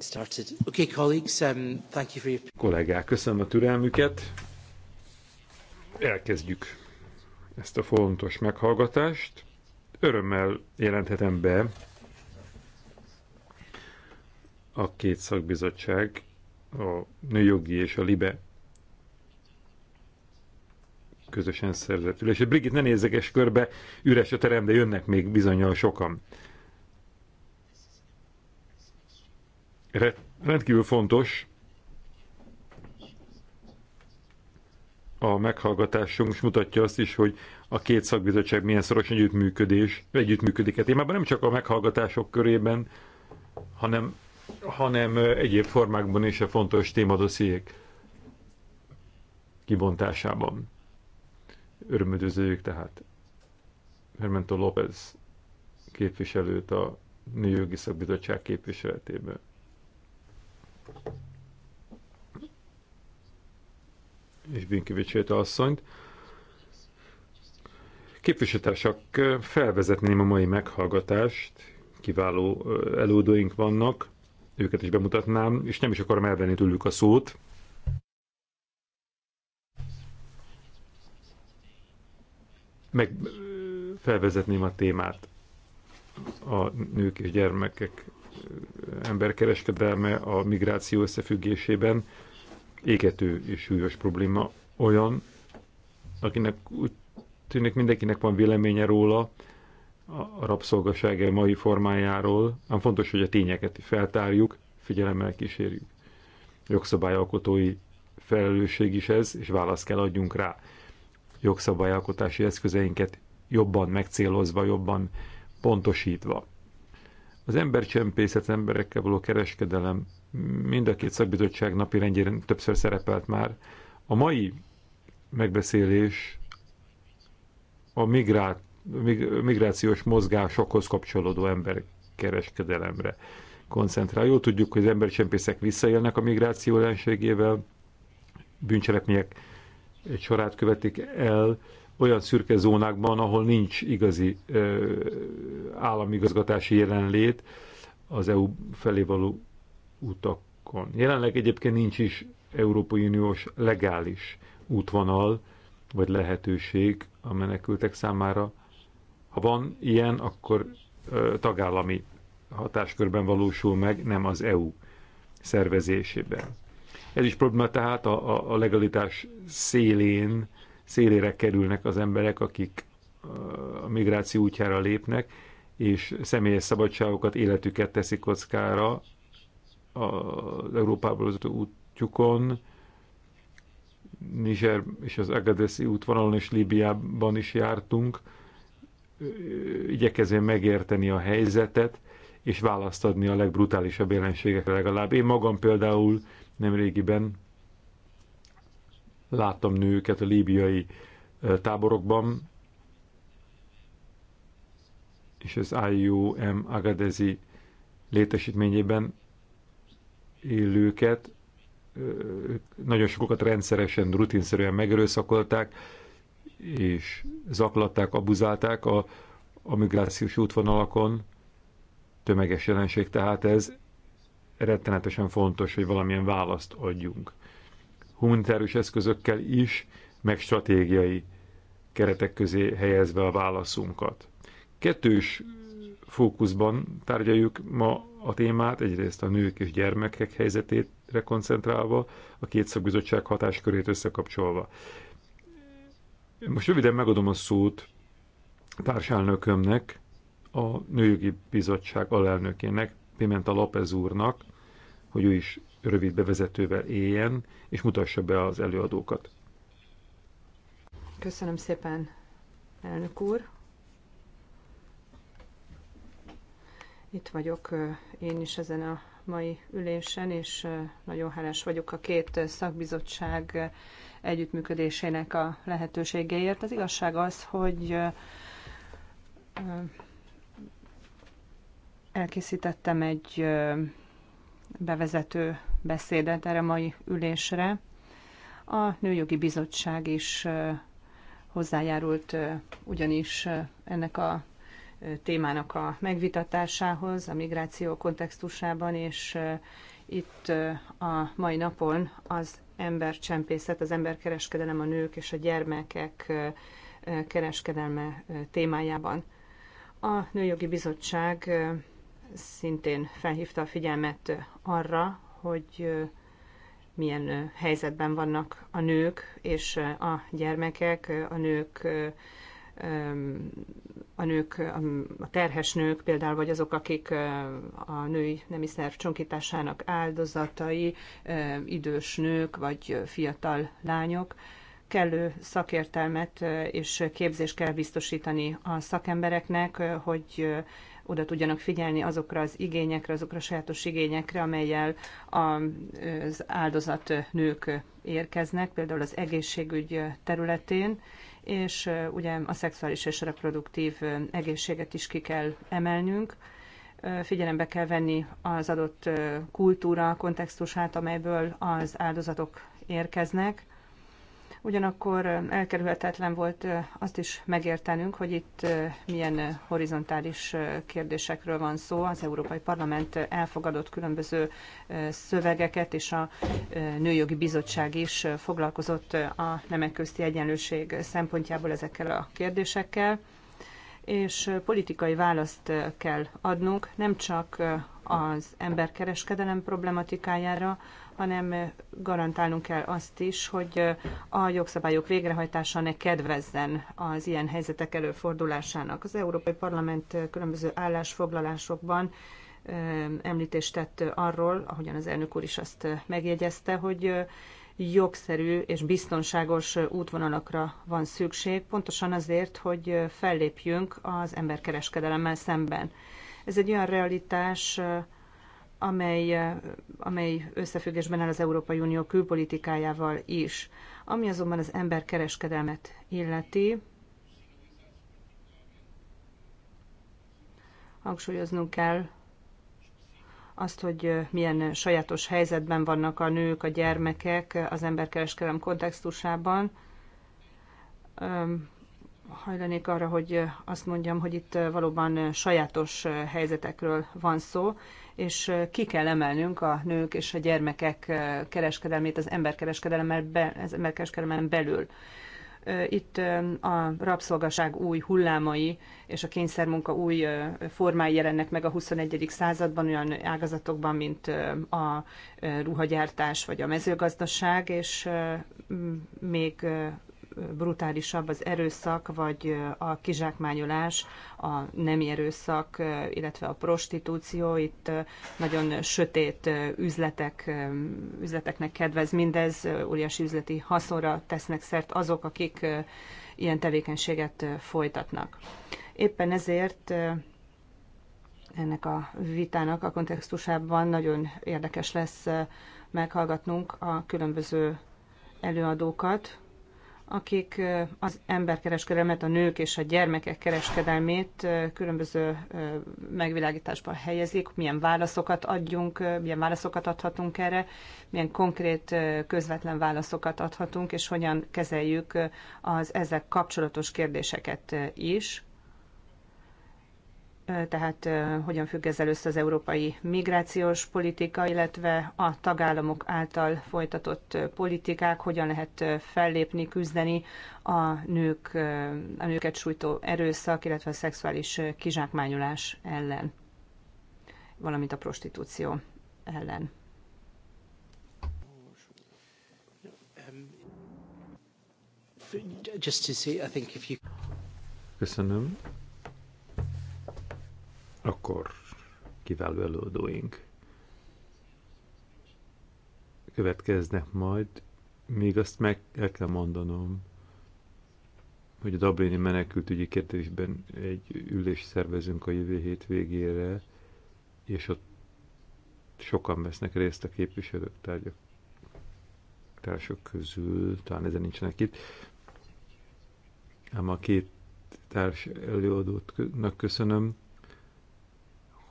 Started. Okay, colleagues, um, thank you for your... Kollégák, köszönöm a türelmüket. Elkezdjük ezt a fontos meghallgatást. Örömmel jelenthetem be a két szakbizottság, a Nőjogi és a Libe közösen szerzett ülését. Brigitte, ne nézzek körbe, üres a terem, de jönnek még bizonyal sokan. rendkívül fontos a meghallgatásunk is mutatja azt is, hogy a két szakbizottság milyen szoros együttműködés, együttműködik a e témában, nem csak a meghallgatások körében, hanem, hanem egyéb formákban is a fontos témadossziék kibontásában. Örömödőzőjük tehát Hermento López képviselőt a Nőjogi Szakbizottság képviseletében és Binkivicsét asszonyt. Képviselőtársak, felvezetném a mai meghallgatást, kiváló előadóink vannak, őket is bemutatnám, és nem is akarom elvenni tőlük a szót. Meg felvezetném a témát a nők és gyermekek emberkereskedelme a migráció összefüggésében égető és súlyos probléma olyan, akinek úgy tűnik mindenkinek van véleménye róla, a rabszolgaság e mai formájáról, ám fontos, hogy a tényeket feltárjuk, figyelemmel kísérjük. Jogszabályalkotói felelősség is ez, és választ kell adjunk rá. Jogszabályalkotási eszközeinket jobban megcélozva, jobban pontosítva. Az embercsempészet, emberekkel való kereskedelem mind a két szakbizottság napi rendjén többször szerepelt már. A mai megbeszélés a migrát, migrációs mozgásokhoz kapcsolódó emberkereskedelemre koncentrál. Jól tudjuk, hogy az embercsempészek visszaélnek a migráció ellenségével, bűncselekmények egy sorát követik el, olyan szürke zónákban, ahol nincs igazi ö, államigazgatási jelenlét az EU felé való utakon. Jelenleg egyébként nincs is Európai Uniós legális útvonal vagy lehetőség a menekültek számára. Ha van ilyen, akkor ö, tagállami hatáskörben valósul meg, nem az EU szervezésében. Ez is probléma tehát a, a legalitás szélén szélére kerülnek az emberek, akik a migráció útjára lépnek, és személyes szabadságokat, életüket teszik kockára az Európából az útjukon, Niger és az Agadeszi útvonalon és Líbiában is jártunk, igyekezve megérteni a helyzetet, és választ adni a legbrutálisabb jelenségekre legalább. Én magam például nemrégiben Láttam nőket a líbiai táborokban, és az IUM Agadezi létesítményében élőket, nagyon sokat rendszeresen, rutinszerűen megerőszakolták, és zaklatták, abuzálták a, a migrációs útvonalakon. Tömeges jelenség, tehát ez rettenetesen fontos, hogy valamilyen választ adjunk humanitárius eszközökkel is, meg stratégiai keretek közé helyezve a válaszunkat. Kettős fókuszban tárgyaljuk ma a témát, egyrészt a nők és gyermekek helyzetére koncentrálva, a két szakbizottság hatáskörét összekapcsolva. Most röviden megadom a szót társelnökömnek, a Nőjogi Bizottság alelnökének, Pimenta López úrnak, hogy ő is rövid bevezetővel éljen, és mutassa be az előadókat. Köszönöm szépen, elnök úr. Itt vagyok én is ezen a mai ülésen, és nagyon hálás vagyok a két szakbizottság együttműködésének a lehetőségeért. Az igazság az, hogy elkészítettem egy bevezető beszédet erre a mai ülésre. A Nőjogi Bizottság is hozzájárult ugyanis ennek a témának a megvitatásához a migráció kontextusában, és itt a mai napon az embercsempészet, az emberkereskedelem a nők és a gyermekek kereskedelme témájában. A Nőjogi Bizottság szintén felhívta a figyelmet arra, hogy milyen helyzetben vannak a nők és a gyermekek, a nők a nők, a terhes nők például, vagy azok, akik a női nemi szerv csonkításának áldozatai, idős nők, vagy fiatal lányok. Kellő szakértelmet és képzést kell biztosítani a szakembereknek, hogy oda tudjanak figyelni azokra az igényekre, azokra a sajátos igényekre, amelyel az áldozat nők érkeznek, például az egészségügy területén, és ugye a szexuális és reproduktív egészséget is ki kell emelnünk. Figyelembe kell venni az adott kultúra kontextusát, amelyből az áldozatok érkeznek, Ugyanakkor elkerülhetetlen volt azt is megértenünk, hogy itt milyen horizontális kérdésekről van szó. Az Európai Parlament elfogadott különböző szövegeket, és a Nőjogi Bizottság is foglalkozott a nemek közti egyenlőség szempontjából ezekkel a kérdésekkel és politikai választ kell adnunk nem csak az emberkereskedelem problematikájára, hanem garantálnunk kell azt is, hogy a jogszabályok végrehajtása ne kedvezzen az ilyen helyzetek előfordulásának. Az Európai Parlament különböző állásfoglalásokban említést tett arról, ahogyan az elnök úr is azt megjegyezte, hogy jogszerű és biztonságos útvonalakra van szükség, pontosan azért, hogy fellépjünk az emberkereskedelemmel szemben. Ez egy olyan realitás, amely, eh, amely összefüggésben áll az Európai Unió külpolitikájával is. Ami azonban az emberkereskedelmet illeti, hangsúlyoznunk kell azt, hogy eh, milyen sajátos helyzetben vannak a nők, a gyermekek az emberkereskedelem kontextusában. Hajlanék arra, hogy azt mondjam, hogy itt eh, valóban sajátos helyzetekről van szó, és ki kell emelnünk a nők és a gyermekek kereskedelmét az emberkereskedelemmel emberkereskedelmen belül. Itt a rabszolgaság új hullámai és a kényszermunka új formái jelennek meg a 21. században, olyan ágazatokban, mint a ruhagyártás vagy a mezőgazdaság, és még brutálisabb az erőszak, vagy a kizsákmányolás, a nemi erőszak, illetve a prostitúció. Itt nagyon sötét üzletek, üzleteknek kedvez mindez, óriási üzleti haszonra tesznek szert azok, akik ilyen tevékenységet folytatnak. Éppen ezért ennek a vitának a kontextusában nagyon érdekes lesz meghallgatnunk a különböző előadókat, akik az emberkereskedelmet, a nők és a gyermekek kereskedelmét különböző megvilágításban helyezik, milyen válaszokat adjunk, milyen válaszokat adhatunk erre, milyen konkrét közvetlen válaszokat adhatunk, és hogyan kezeljük az ezek kapcsolatos kérdéseket is tehát hogyan függ ezzel össze az európai migrációs politika, illetve a tagállamok által folytatott politikák, hogyan lehet fellépni, küzdeni a, nők, a nőket sújtó erőszak, illetve a szexuális kizsákmányolás ellen, valamint a prostitúció ellen. Just to see, I think if you... Köszönöm. Akkor kiváló előadóink következnek majd. Még azt meg el kell mondanom, hogy a Dublini menekültügyi kérdésben egy ülés szervezünk a jövő hét végére, és ott sokan vesznek részt a képviselők tárgyak közül, talán ezen nincsenek itt, ám a két társ előadótnak köszönöm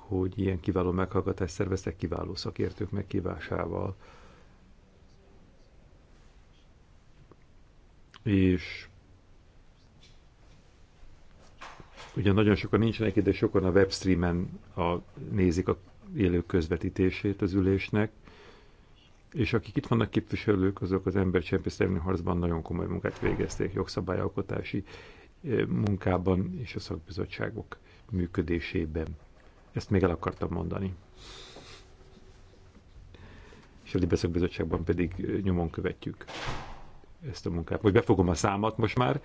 hogy ilyen kiváló meghallgatást szerveztek kiváló szakértők megkívásával. És ugyan nagyon sokan nincsenek ide, sokan a webstreamen a, nézik a élő közvetítését az ülésnek, és akik itt vannak képviselők, azok az embercsempész harcban nagyon komoly munkát végezték, jogszabályalkotási eh, munkában és a szakbizottságok működésében. Ezt még el akartam mondani. És a Libeszak Bizottságban pedig nyomon követjük ezt a munkát. Most befogom a számat most már,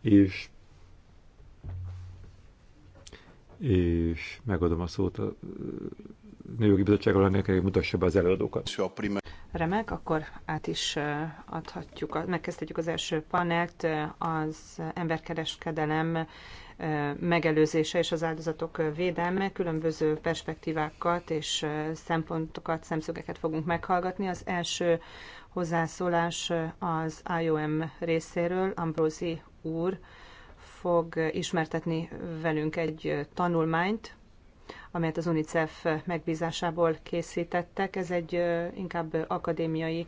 és és megadom a szót a Nőjogi Bizottságról, ennek mutassa be az előadókat. Remek, akkor át is adhatjuk, megkezdhetjük az első panelt, az emberkereskedelem megelőzése és az áldozatok védelme. Különböző perspektívákat és szempontokat, szemszögeket fogunk meghallgatni. Az első hozzászólás az IOM részéről, Ambrózi úr fog ismertetni velünk egy tanulmányt, amelyet az UNICEF megbízásából készítettek. Ez egy inkább akadémiai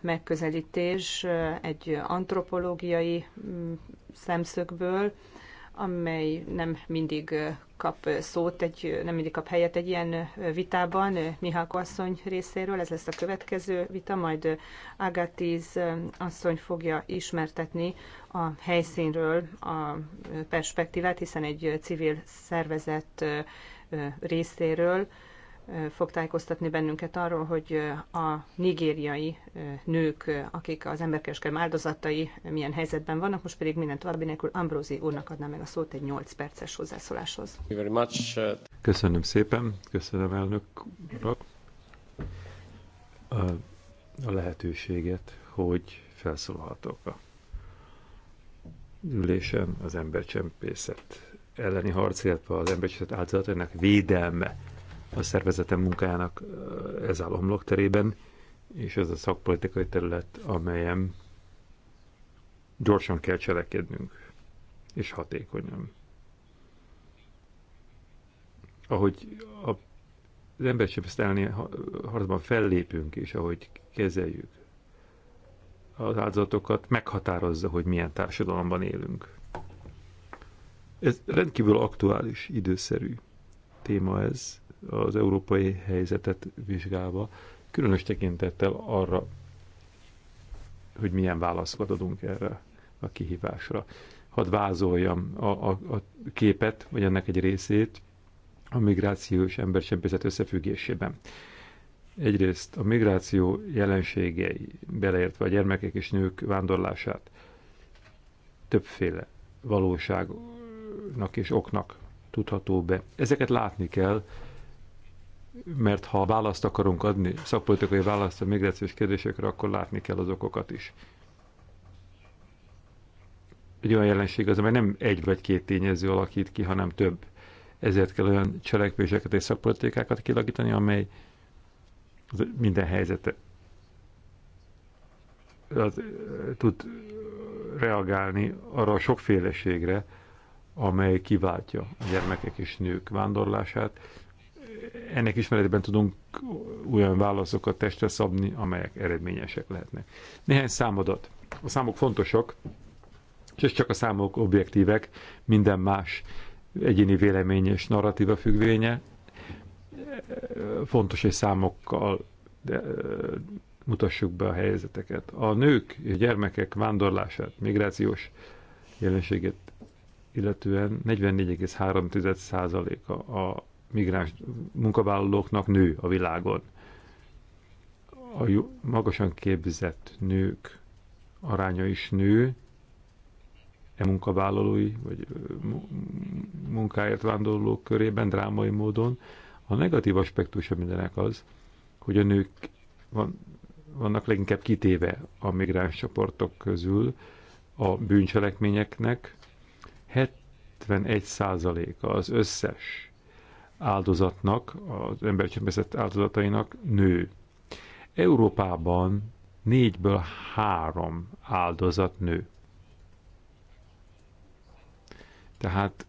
megközelítés, egy antropológiai mm, szemszögből, amely nem mindig kap szót, egy, nem mindig kap helyet egy ilyen vitában Mihály asszony részéről. Ez lesz a következő vita, majd Agatiz asszony fogja ismertetni a helyszínről a perspektívát, hiszen egy civil szervezet részéről fog tájékoztatni bennünket arról, hogy a nigériai nők, akik az emberkereskedelem áldozatai milyen helyzetben vannak, most pedig minden további nélkül Ambrózi úrnak adnám meg a szót egy 8 perces hozzászóláshoz. Uh, köszönöm szépen, köszönöm elnök urak a, a lehetőséget, hogy felszólhatok a ülésen az embercsempészet elleni harc, illetve az embercsempészet áldozatainak védelme a szervezetem munkájának ez áll homlokterében, és ez a szakpolitikai terület, amelyen gyorsan kell cselekednünk, és hatékonyan. Ahogy a, az embercsöpsztelni harcban fellépünk, és ahogy kezeljük az áldozatokat, meghatározza, hogy milyen társadalomban élünk. Ez rendkívül aktuális, időszerű téma ez az európai helyzetet vizsgálva, különös tekintettel arra, hogy milyen válaszokat adunk erre a kihívásra. Hadd vázoljam a, a, a képet, vagy ennek egy részét a migrációs embercsempészet összefüggésében. Egyrészt a migráció jelenségei, beleértve a gyermekek és nők vándorlását, többféle valóságnak és oknak tudható be. Ezeket látni kell, mert ha választ akarunk adni, szakpolitikai választ a migrációs kérdésekre, akkor látni kell az okokat is. Egy olyan jelenség az, amely nem egy vagy két tényező alakít ki, hanem több. Ezért kell olyan cselekvéseket és szakpolitikákat kilakítani, amely minden helyzete az, tud reagálni arra a sokféleségre, amely kiváltja a gyermekek és nők vándorlását, ennek ismeretében tudunk olyan válaszokat testre szabni, amelyek eredményesek lehetnek. Néhány számadat. A számok fontosak, és csak a számok objektívek, minden más egyéni vélemény és narratíva függvénye. Fontos, hogy számokkal de, mutassuk be a helyzeteket. A nők és gyermekek vándorlását, migrációs jelenséget illetően 44,3%-a a migráns munkavállalóknak nő a világon. A magasan képzett nők aránya is nő, e munkavállalói vagy munkáért vándorlók körében drámai módon. A negatív aspektusa mindenek az, hogy a nők van, vannak leginkább kitéve a migráns csoportok közül a bűncselekményeknek. 71 százaléka az összes áldozatnak, az embercsempészet áldozatainak nő. Európában négyből három áldozat nő. Tehát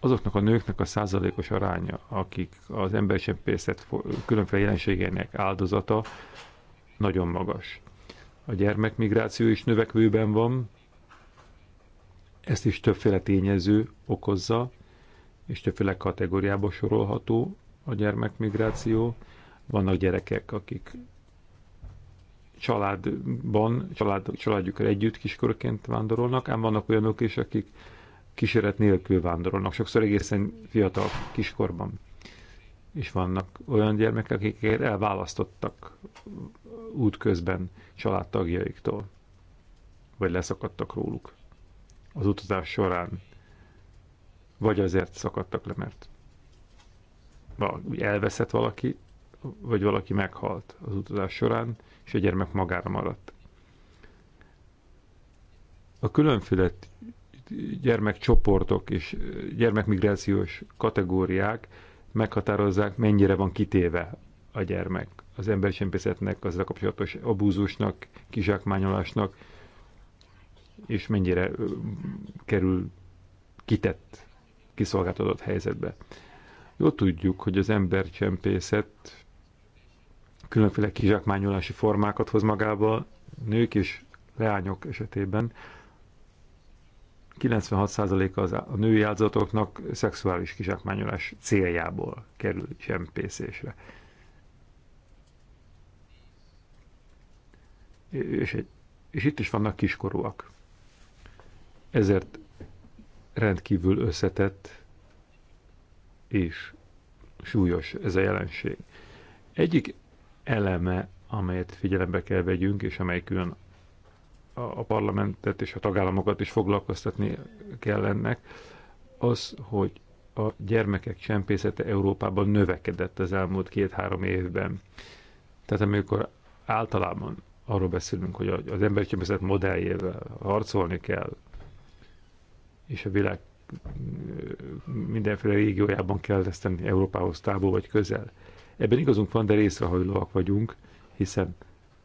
azoknak a nőknek a százalékos aránya, akik az embercsempészet különféle jelenségeinek áldozata, nagyon magas. A gyermekmigráció is növekvőben van, ezt is többféle tényező okozza, és többféle kategóriába sorolható a gyermekmigráció. Vannak gyerekek, akik családban, család, családjukkal együtt kiskorként vándorolnak, ám vannak olyanok is, akik kíséret nélkül vándorolnak, sokszor egészen fiatal kiskorban. És vannak olyan gyermekek, akik elválasztottak útközben családtagjaiktól, vagy leszakadtak róluk az utazás során vagy azért szakadtak le, mert elveszett valaki, vagy valaki meghalt az utazás során, és a gyermek magára maradt. A különféle gyermekcsoportok és gyermekmigrációs kategóriák meghatározzák, mennyire van kitéve a gyermek az embercsempészetnek, az kapcsolatos abúzusnak, kizsákmányolásnak, és mennyire kerül kitett kiszolgáltatott helyzetbe. Jól tudjuk, hogy az embercsempészet különféle kizsákmányolási formákat hoz magába, nők és leányok esetében 96%-a az a női áldozatoknak szexuális kizsákmányolás céljából kerül csempészésre. És, egy, és itt is vannak kiskorúak. Ezért rendkívül összetett és súlyos ez a jelenség. Egyik eleme, amelyet figyelembe kell vegyünk, és amely külön a parlamentet és a tagállamokat is foglalkoztatni kell ennek, az, hogy a gyermekek csempészete Európában növekedett az elmúlt két-három évben. Tehát amikor általában arról beszélünk, hogy az embercsempészet modelljével harcolni kell, és a világ mindenféle régiójában kell ezt tenni, Európához távol vagy közel. Ebben igazunk van, de részrehajlóak vagyunk, hiszen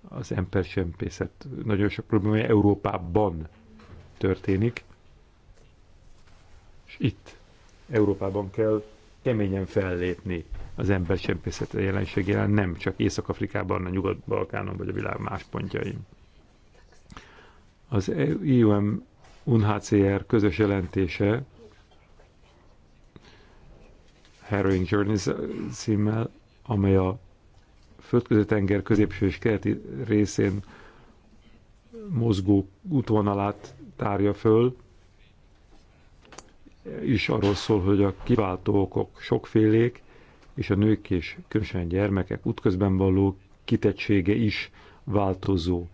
az embercsempészet nagyon sok problémája Európában történik, és itt, Európában kell keményen fellépni az embercsempészet jelenség nem csak Észak-Afrikában, a Nyugat-Balkánon vagy a világ más pontjain. Az EUM UNHCR közös jelentése Harrowing Journeys címmel, amely a földközi tenger középső és keleti részén mozgó útvonalát tárja föl, is arról szól, hogy a kiváltó okok sokfélék, és a nők és különösen gyermekek útközben való kitettsége is változó.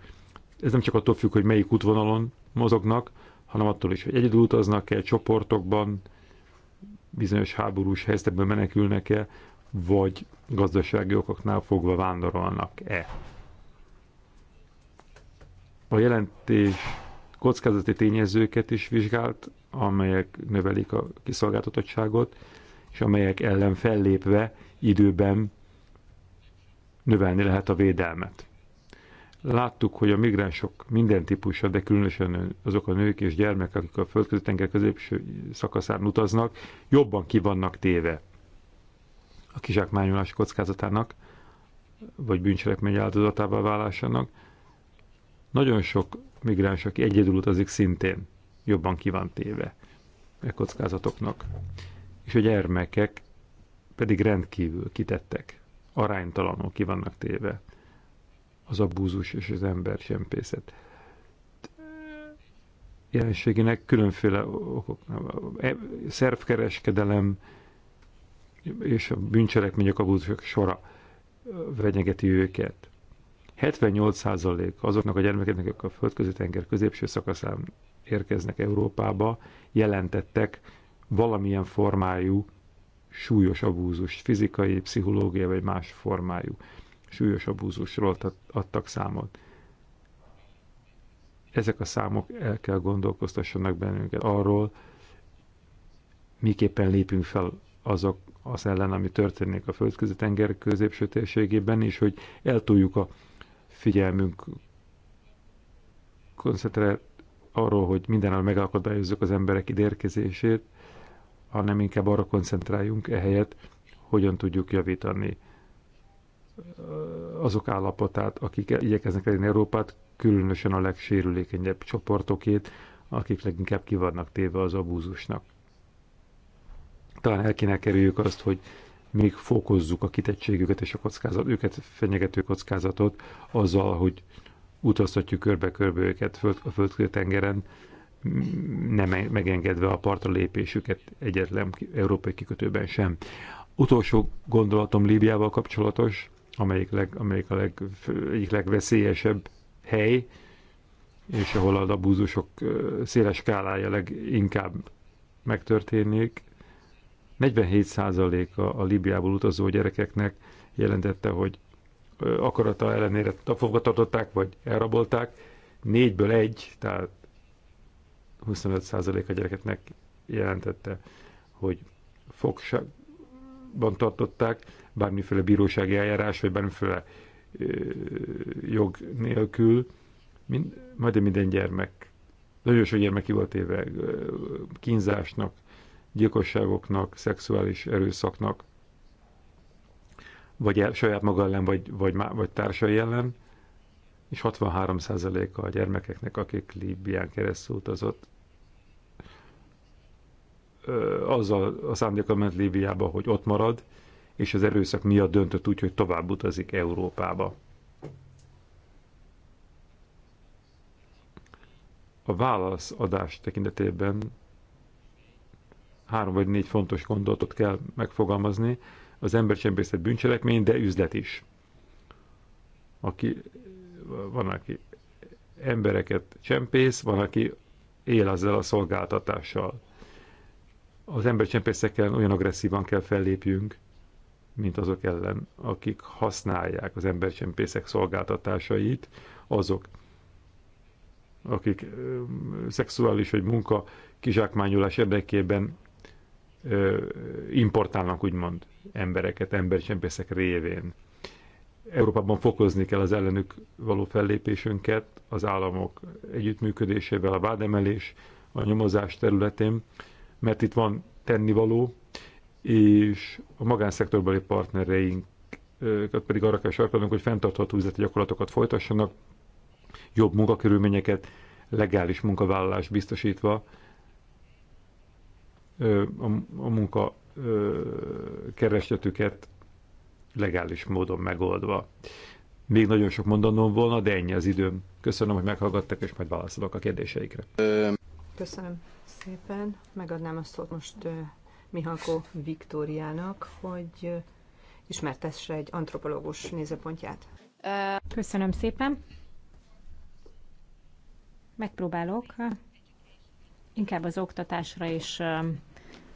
Ez nem csak attól függ, hogy melyik útvonalon mozognak, hanem attól is, hogy egyedül utaznak-e, csoportokban, bizonyos háborús helyzetben menekülnek-e, vagy gazdasági okoknál fogva vándorolnak-e. A jelentés kockázati tényezőket is vizsgált, amelyek növelik a kiszolgáltatottságot, és amelyek ellen fellépve időben növelni lehet a védelmet. Láttuk, hogy a migránsok minden típusa, de különösen azok a nők és gyermekek, akik a földközi tenger középső szakaszán utaznak, jobban vannak téve a kizsákmányolás kockázatának, vagy bűncselekmény áldozatává válásának. Nagyon sok migráns, aki egyedül utazik, szintén jobban van téve e kockázatoknak. És a gyermekek pedig rendkívül kitettek, aránytalanul kivannak téve az abúzus és az embercsempészet jelenségének különféle okok, e, szervkereskedelem és a bűncselekmények abúzusok sora vegyegeti őket. 78% azoknak a gyermekeknek, akik a földközi tenger középső szakaszán érkeznek Európába, jelentettek valamilyen formájú súlyos abúzust, fizikai, pszichológiai vagy más formájú súlyos abúzusról adtak számot. Ezek a számok el kell gondolkoztassanak bennünket arról, miképpen lépünk fel azok az ellen, ami történik a földközi tenger középső térségében, és hogy eltújjuk a figyelmünk koncentrált arról, hogy mindenhol megakadályozzuk az emberek idérkezését, hanem inkább arra koncentráljunk ehelyett, hogyan tudjuk javítani azok állapotát, akik igyekeznek elérni Európát, különösen a legsérülékenyebb csoportokét, akik leginkább kivannak téve az abúzusnak. Talán el kéne kerüljük azt, hogy még fokozzuk a kitettségüket és a kockázat, őket fenyegető kockázatot azzal, hogy utaztatjuk körbe-körbe őket föld, a földkörű tengeren, nem megengedve a partra lépésüket egyetlen európai kikötőben sem. Utolsó gondolatom Líbiával kapcsolatos amelyik, leg, amelyik a leg, egyik legveszélyesebb hely, és ahol a labúzusok széles skálája leginkább megtörténik. 47%-a a Libiából utazó gyerekeknek jelentette, hogy akarata ellenére fogvatartották, vagy elrabolták. Négyből egy, tehát 25% a gyerekeknek jelentette, hogy fogság, tiszteletben tartották, bármiféle bírósági eljárás, vagy bármiféle jog nélkül, mind, majdnem minden gyermek, nagyon sok gyermek ki volt éve kínzásnak, gyilkosságoknak, szexuális erőszaknak, vagy el, saját maga ellen, vagy, vagy, vagy társai ellen, és 63%-a a gyermekeknek, akik Líbián keresztül utazott, azzal a szándéka ment Líbiába, hogy ott marad, és az erőszak miatt döntött úgy, hogy tovább utazik Európába. A válaszadás tekintetében három vagy négy fontos gondolatot kell megfogalmazni. Az embercsempészet bűncselekmény, de üzlet is. Aki, van, aki embereket csempész, van, aki él ezzel a szolgáltatással az embercsempészek ellen olyan agresszívan kell fellépjünk, mint azok ellen, akik használják az embercsempészek szolgáltatásait, azok, akik ö, szexuális vagy munka kizsákmányolás érdekében ö, importálnak úgymond embereket, embercsempészek révén. Európában fokozni kell az ellenük való fellépésünket, az államok együttműködésével, a vádemelés, a nyomozás területén, mert itt van tennivaló, és a magánszektorbeli partnereinket pedig arra kell sarkalnunk, hogy fenntartható üzleti gyakorlatokat folytassanak, jobb munkakörülményeket, legális munkavállalás biztosítva a, a munka keresletüket legális módon megoldva. Még nagyon sok mondanom volna, de ennyi az időm. Köszönöm, hogy meghallgattak, és majd válaszolok a kérdéseikre. Köszönöm szépen. Megadnám a szót most Mihalko Viktóriának, hogy ismertesse egy antropológus nézőpontját. Köszönöm szépen. Megpróbálok inkább az oktatásra és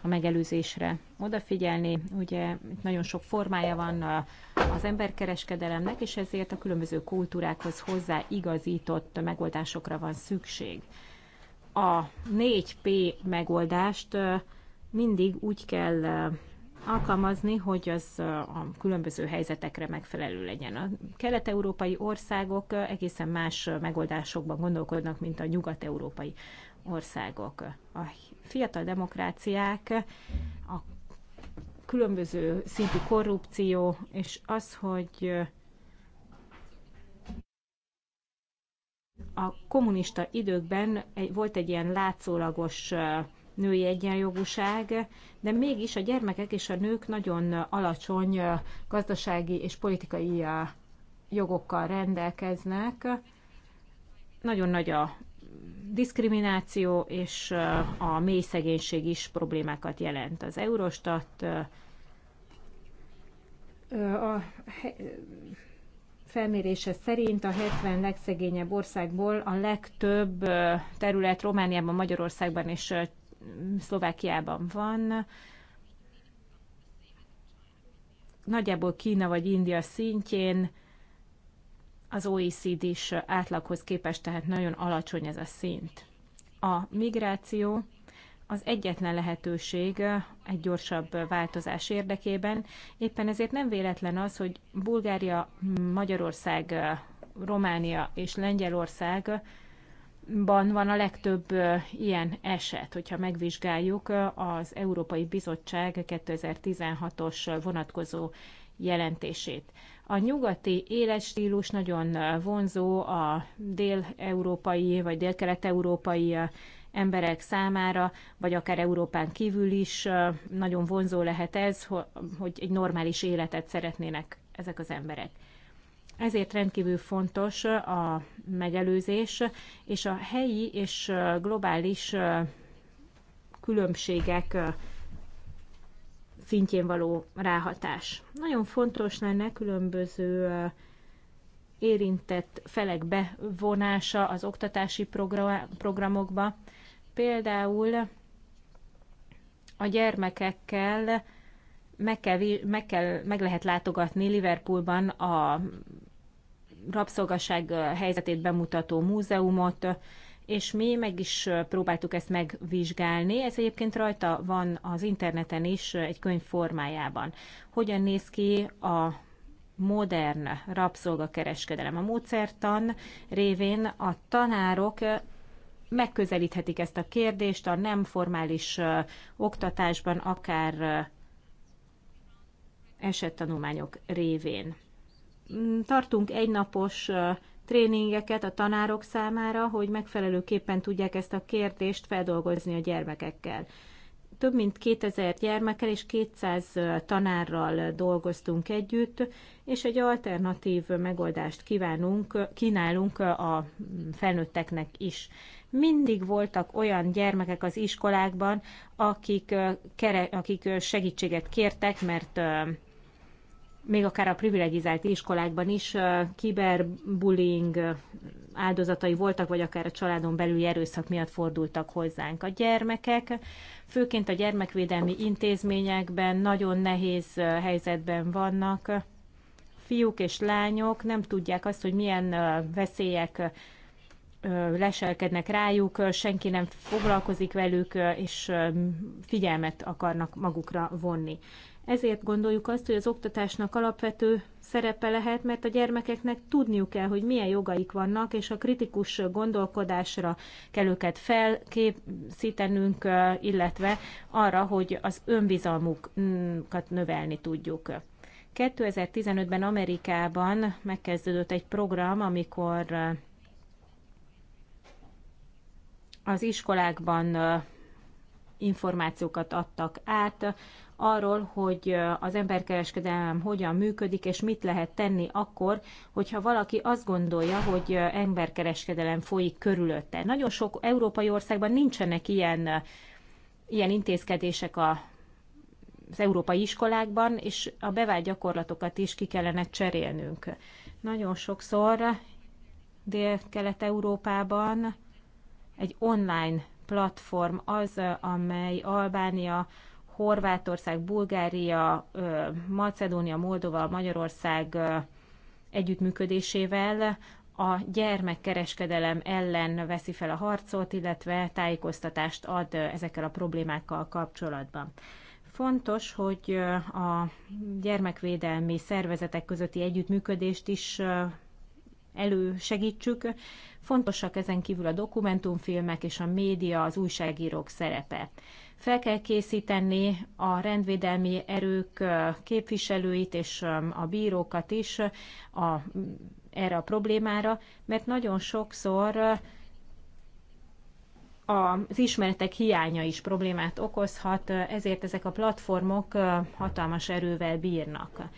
a megelőzésre odafigyelni. Ugye nagyon sok formája van az emberkereskedelemnek, és ezért a különböző kultúrákhoz hozzáigazított megoldásokra van szükség a 4P megoldást mindig úgy kell alkalmazni, hogy az a különböző helyzetekre megfelelő legyen. A kelet-európai országok egészen más megoldásokban gondolkodnak, mint a nyugat-európai országok. A fiatal demokráciák, a különböző szintű korrupció, és az, hogy a kommunista időkben volt egy ilyen látszólagos női egyenjogúság, de mégis a gyermekek és a nők nagyon alacsony gazdasági és politikai jogokkal rendelkeznek. Nagyon nagy a diszkrimináció és a mély szegénység is problémákat jelent. Az Eurostat a felmérése szerint a 70 legszegényebb országból a legtöbb terület Romániában, Magyarországban és Szlovákiában van. Nagyjából Kína vagy India szintjén az oecd is átlaghoz képest, tehát nagyon alacsony ez a szint. A migráció az egyetlen lehetőség egy gyorsabb változás érdekében. Éppen ezért nem véletlen az, hogy Bulgária, Magyarország, Románia és Lengyelország ban van a legtöbb ilyen eset, hogyha megvizsgáljuk az Európai Bizottság 2016-os vonatkozó jelentését. A nyugati életstílus nagyon vonzó a dél-európai vagy dél-kelet-európai emberek számára, vagy akár Európán kívül is nagyon vonzó lehet ez, hogy egy normális életet szeretnének ezek az emberek. Ezért rendkívül fontos a megelőzés, és a helyi és globális különbségek szintjén való ráhatás. Nagyon fontos lenne különböző érintett felek bevonása az oktatási programokba, Például a gyermekekkel meg, kell, meg, kell, meg lehet látogatni Liverpoolban a rabszolgaság helyzetét bemutató múzeumot, és mi meg is próbáltuk ezt megvizsgálni. Ez egyébként rajta van az interneten is egy könyv formájában. Hogyan néz ki a modern rabszolgakereskedelem? A módszertan révén a tanárok megközelíthetik ezt a kérdést a nem formális oktatásban, akár esettanulmányok révén. Mm, tartunk egynapos tréningeket a tanárok számára, hogy megfelelőképpen tudják ezt a kérdést feldolgozni a gyermekekkel. Több mint 2000 gyermekkel és 200 tanárral dolgoztunk együtt, és egy alternatív megoldást kívánunk, kínálunk a mm, felnőtteknek is mindig voltak olyan gyermekek az iskolákban, akik, kere, akik segítséget kértek, mert még akár a privilegizált iskolákban is kiberbullying áldozatai voltak, vagy akár a családon belüli erőszak miatt fordultak hozzánk a gyermekek. Főként a gyermekvédelmi intézményekben nagyon nehéz helyzetben vannak. Fiúk és lányok nem tudják azt, hogy milyen veszélyek leselkednek rájuk, senki nem foglalkozik velük, és figyelmet akarnak magukra vonni. Ezért gondoljuk azt, hogy az oktatásnak alapvető szerepe lehet, mert a gyermekeknek tudniuk kell, hogy milyen jogaik vannak, és a kritikus gondolkodásra kell őket felkészítenünk, illetve arra, hogy az önbizalmukat növelni tudjuk. 2015-ben Amerikában megkezdődött egy program, amikor az iskolákban információkat adtak át arról, hogy az emberkereskedelem hogyan működik, és mit lehet tenni akkor, hogyha valaki azt gondolja, hogy emberkereskedelem folyik körülötte. Nagyon sok európai országban nincsenek ilyen, ilyen intézkedések a az európai iskolákban, és a bevált gyakorlatokat is ki kellene cserélnünk. Nagyon sokszor Dél-Kelet-Európában egy online platform az, amely Albánia, Horvátország, Bulgária, Macedónia, Moldova, Magyarország együttműködésével a gyermekkereskedelem ellen veszi fel a harcot, illetve tájékoztatást ad ezekkel a problémákkal kapcsolatban. Fontos, hogy a gyermekvédelmi szervezetek közötti együttműködést is elősegítsük, Fontosak ezen kívül a dokumentumfilmek és a média, az újságírók szerepe. Fel kell készíteni a rendvédelmi erők képviselőit és a bírókat is a, erre a problémára, mert nagyon sokszor az ismeretek hiánya is problémát okozhat, ezért ezek a platformok hatalmas erővel bírnak.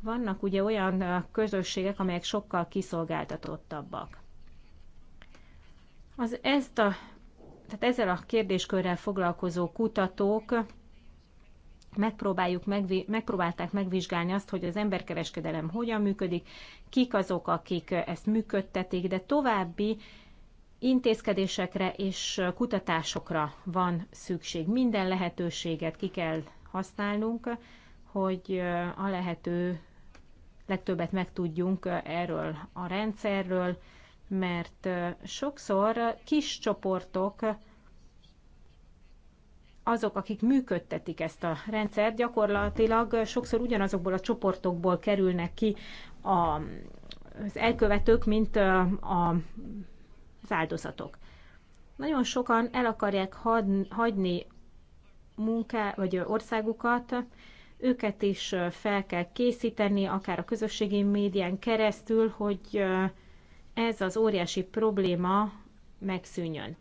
Vannak ugye olyan közösségek, amelyek sokkal kiszolgáltatottabbak. Az ezt a, tehát ezzel a kérdéskörrel foglalkozó kutatók megpróbáljuk megvi, megpróbálták megvizsgálni azt, hogy az emberkereskedelem hogyan működik, kik azok, akik ezt működtetik, de további intézkedésekre és kutatásokra van szükség. Minden lehetőséget ki kell használnunk, hogy a lehető legtöbbet megtudjunk erről a rendszerről, mert sokszor kis csoportok azok, akik működtetik ezt a rendszert, gyakorlatilag sokszor ugyanazokból a csoportokból kerülnek ki a, az elkövetők, mint a, a, az áldozatok. Nagyon sokan el akarják had, hagyni munká, vagy országukat, őket is fel kell készíteni, akár a közösségi médián keresztül, hogy ez az óriási probléma megszűnjön.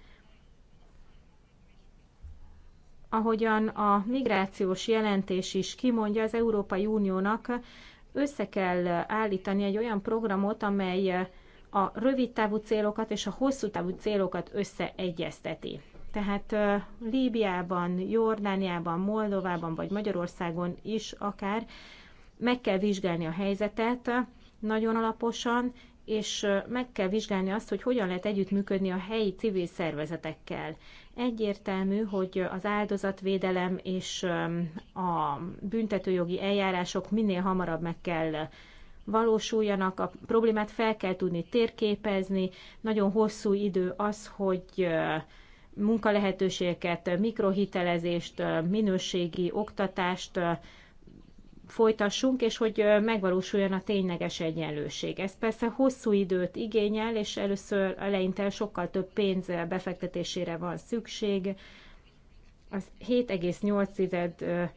Ahogyan a migrációs jelentés is kimondja, az Európai Uniónak össze kell állítani egy olyan programot, amely a rövidtávú célokat és a hosszú távú célokat összeegyezteti. Tehát Líbiában, Jordániában, Moldovában vagy Magyarországon is akár meg kell vizsgálni a helyzetet nagyon alaposan, és meg kell vizsgálni azt, hogy hogyan lehet együttműködni a helyi civil szervezetekkel. Egyértelmű, hogy az áldozatvédelem és a büntetőjogi eljárások minél hamarabb meg kell valósuljanak, a problémát fel kell tudni térképezni, nagyon hosszú idő az, hogy munkalehetőségeket, mikrohitelezést, minőségi oktatást, folytassunk, és hogy megvalósuljon a tényleges egyenlőség. Ez persze hosszú időt igényel, és először eleinte sokkal több pénz befektetésére van szükség. Az 7,8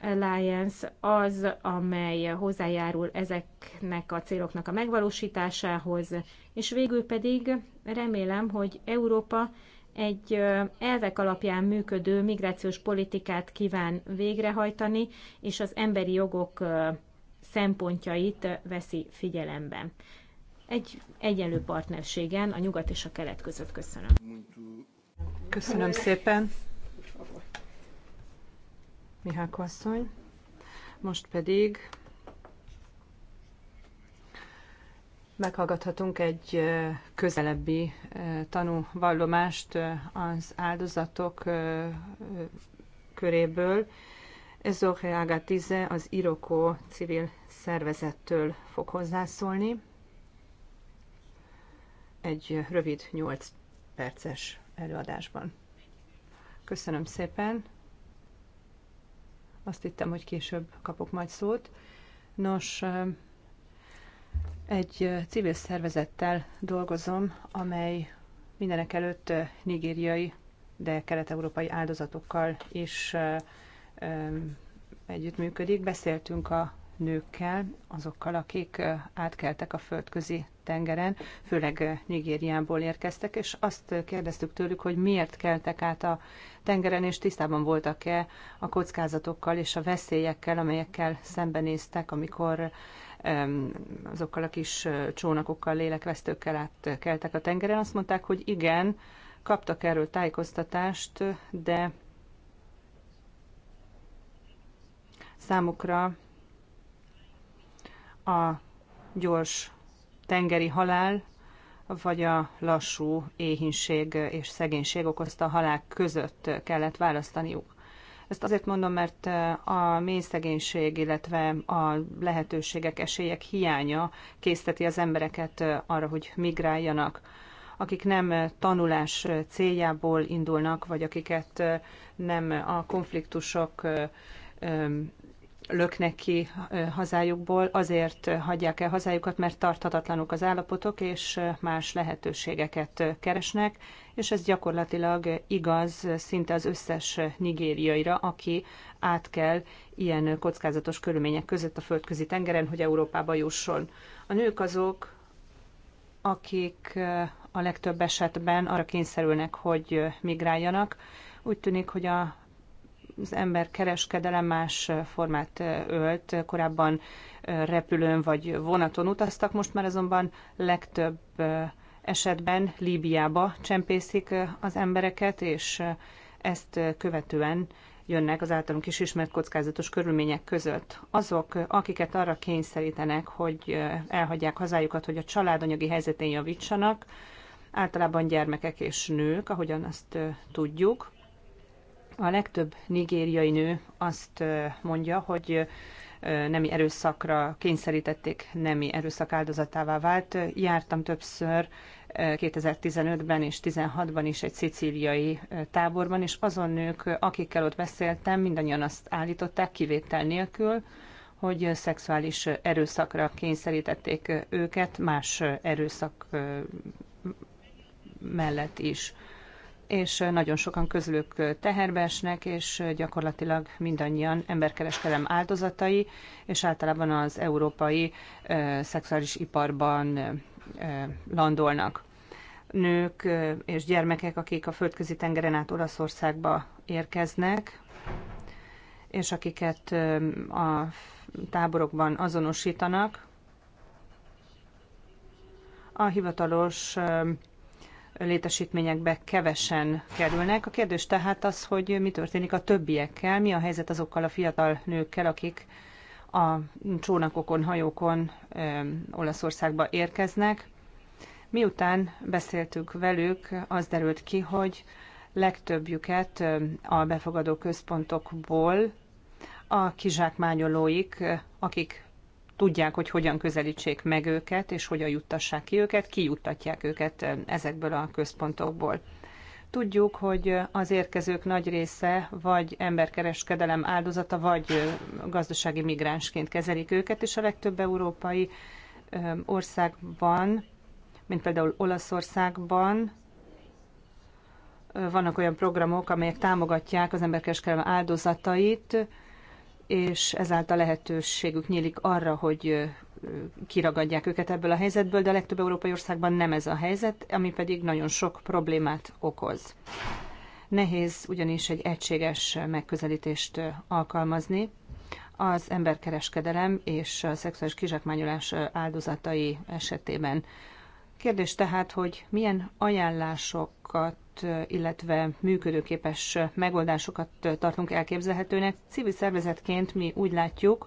Alliance az, amely hozzájárul ezeknek a céloknak a megvalósításához, és végül pedig remélem, hogy Európa egy elvek alapján működő migrációs politikát kíván végrehajtani, és az emberi jogok szempontjait veszi figyelembe. Egy egyenlő partnerségen a nyugat és a kelet között köszönöm. Köszönöm szépen. Mihály asszony. Most pedig meghallgathatunk egy közelebbi tanúvallomást az áldozatok köréből. Ezorhe Agatize az iroko civil szervezettől fog hozzászólni. Egy rövid 8 perces előadásban. Köszönöm szépen. Azt hittem, hogy később kapok majd szót. Nos, egy civil szervezettel dolgozom, amely mindenek előtt nigériai, de kelet-európai áldozatokkal is együttműködik. Beszéltünk a nőkkel, azokkal, akik átkeltek a földközi tengeren, főleg Nigériából érkeztek, és azt kérdeztük tőlük, hogy miért keltek át a tengeren, és tisztában voltak-e a kockázatokkal és a veszélyekkel, amelyekkel szembenéztek, amikor azokkal a kis csónakokkal, lélekvesztőkkel átkeltek a tengeren, azt mondták, hogy igen, kaptak erről tájékoztatást, de számukra a gyors tengeri halál, vagy a lassú éhinség és szegénység okozta halál között kellett választaniuk. Ezt azért mondom, mert eh, a mély szegénység, illetve a lehetőségek, esélyek hiánya készteti az embereket eh, arra, hogy migráljanak akik nem eh, tanulás céljából indulnak, vagy akiket nem a konfliktusok löknek ki hazájukból, azért hagyják el hazájukat, mert tarthatatlanok az állapotok, és más lehetőségeket keresnek, és ez gyakorlatilag igaz szinte az összes nigériaira, aki át kell ilyen kockázatos körülmények között a földközi tengeren, hogy Európába jusson. A nők azok, akik a legtöbb esetben arra kényszerülnek, hogy migráljanak. Úgy tűnik, hogy a az ember kereskedelem más formát ölt. Korábban repülőn vagy vonaton utaztak, most már azonban legtöbb esetben Líbiába csempészik az embereket, és ezt követően jönnek az általunk is ismert kockázatos körülmények között. Azok, akiket arra kényszerítenek, hogy elhagyják hazájukat, hogy a családanyagi helyzetén javítsanak, általában gyermekek és nők, ahogyan azt tudjuk. A legtöbb nigériai nő azt mondja, hogy nemi erőszakra kényszerítették, nemi erőszak áldozatává vált. Jártam többször 2015-ben és 16 ban is egy szicíliai táborban, és azon nők, akikkel ott beszéltem, mindannyian azt állították, kivétel nélkül, hogy szexuális erőszakra kényszerítették őket más erőszak mellett is és nagyon sokan közülük teherbe esnek, és gyakorlatilag mindannyian emberkereskedelem áldozatai, és általában az európai ö, szexuális iparban ö, landolnak. Nők ö, és gyermekek, akik a földközi tengeren át Olaszországba érkeznek, és akiket ö, a táborokban azonosítanak, a hivatalos ö, létesítményekbe kevesen kerülnek. A kérdés tehát az, hogy mi történik a többiekkel, mi a helyzet azokkal a fiatal nőkkel, akik a csónakokon, hajókon ö, Olaszországba érkeznek. Miután beszéltük velük, az derült ki, hogy legtöbbjüket a befogadó központokból a kizsákmányolóik, akik tudják, hogy hogyan közelítsék meg őket, és hogyan juttassák ki őket, kijuttatják őket eh, ezekből a központokból. Tudjuk, hogy az érkezők nagy része vagy emberkereskedelem áldozata, vagy eh, gazdasági migránsként kezelik őket, és a legtöbb európai eh, országban, mint például Olaszországban, vannak olyan programok, amelyek támogatják az emberkereskedelem áldozatait, és ezáltal lehetőségük nyílik arra, hogy kiragadják őket ebből a helyzetből, de a legtöbb európai országban nem ez a helyzet, ami pedig nagyon sok problémát okoz. Nehéz ugyanis egy egységes megközelítést alkalmazni. Az emberkereskedelem és a szexuális kizsákmányolás áldozatai esetében. Kérdés tehát, hogy milyen ajánlásokat illetve működőképes megoldásokat tartunk elképzelhetőnek. Civil szervezetként mi úgy látjuk,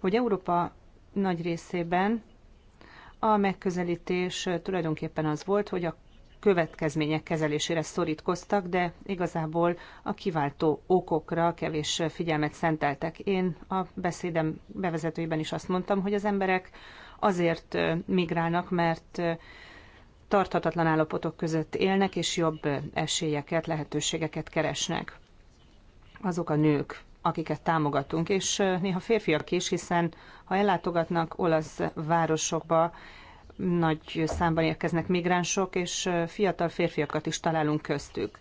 hogy Európa nagy részében a megközelítés tulajdonképpen az volt, hogy a következmények kezelésére szorítkoztak, de igazából a kiváltó okokra kevés figyelmet szenteltek. Én a beszédem bevezetőiben is azt mondtam, hogy az emberek azért migrálnak, mert tarthatatlan állapotok között élnek, és jobb esélyeket, lehetőségeket keresnek. Azok a nők, akiket támogatunk, és néha férfiak is, hiszen ha ellátogatnak olasz városokba, nagy számban érkeznek migránsok, és fiatal férfiakat is találunk köztük.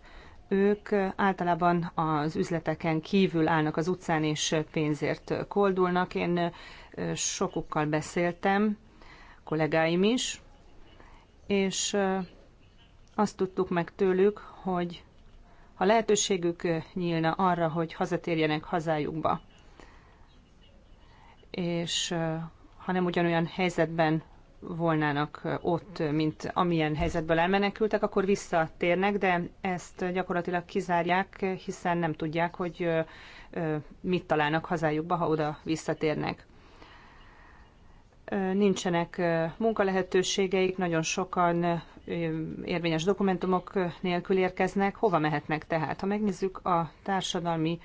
Ők általában az üzleteken kívül állnak az utcán, és pénzért koldulnak. Én sokukkal beszéltem, kollégáim is, és azt tudtuk meg tőlük, hogy ha lehetőségük nyílna arra, hogy hazatérjenek hazájukba, és ha nem ugyanolyan helyzetben volnának ott, mint amilyen helyzetből elmenekültek, akkor visszatérnek, de ezt gyakorlatilag kizárják, hiszen nem tudják, hogy mit találnak hazájukba, ha oda visszatérnek nincsenek munkalehetőségeik, nagyon sokan érvényes dokumentumok nélkül érkeznek. Hova mehetnek tehát? Ha megnézzük a társadalmi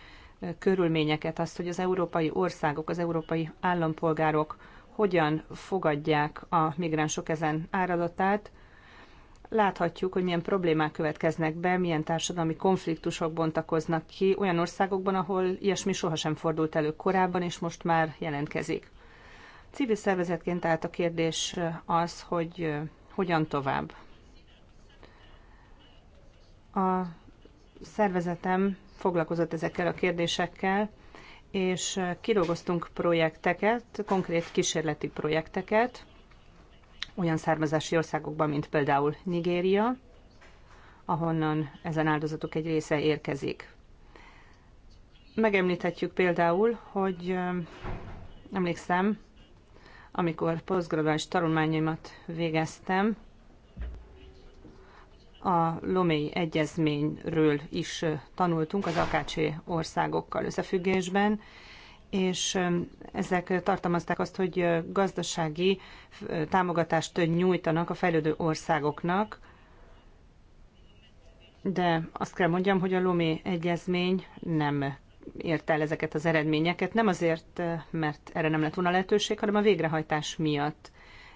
körülményeket, azt, hogy az európai országok, az európai állampolgárok hogyan fogadják a migránsok ezen áradatát, láthatjuk, hogy milyen problémák következnek be, milyen társadalmi konfliktusok bontakoznak ki olyan országokban, ahol ilyesmi sohasem fordult elő korábban, és most már jelentkezik. Civil szervezetként állt a kérdés az, hogy hogyan tovább. A szervezetem foglalkozott ezekkel a kérdésekkel, és kidolgoztunk projekteket, konkrét kísérleti projekteket, olyan származási országokban, mint például Nigéria, ahonnan ezen áldozatok egy része érkezik. Megemlíthetjük például, hogy emlékszem, amikor posztgraduális tanulmányaimat végeztem, a Loméi Egyezményről is tanultunk az akácsi országokkal összefüggésben, és ezek tartalmazták azt, hogy gazdasági támogatást nyújtanak a fejlődő országoknak, de azt kell mondjam, hogy a Lomé Egyezmény nem ért el ezeket az eredményeket, nem azért, eh, mert erre nem lett volna lehetőség, hanem a végrehajtás miatt.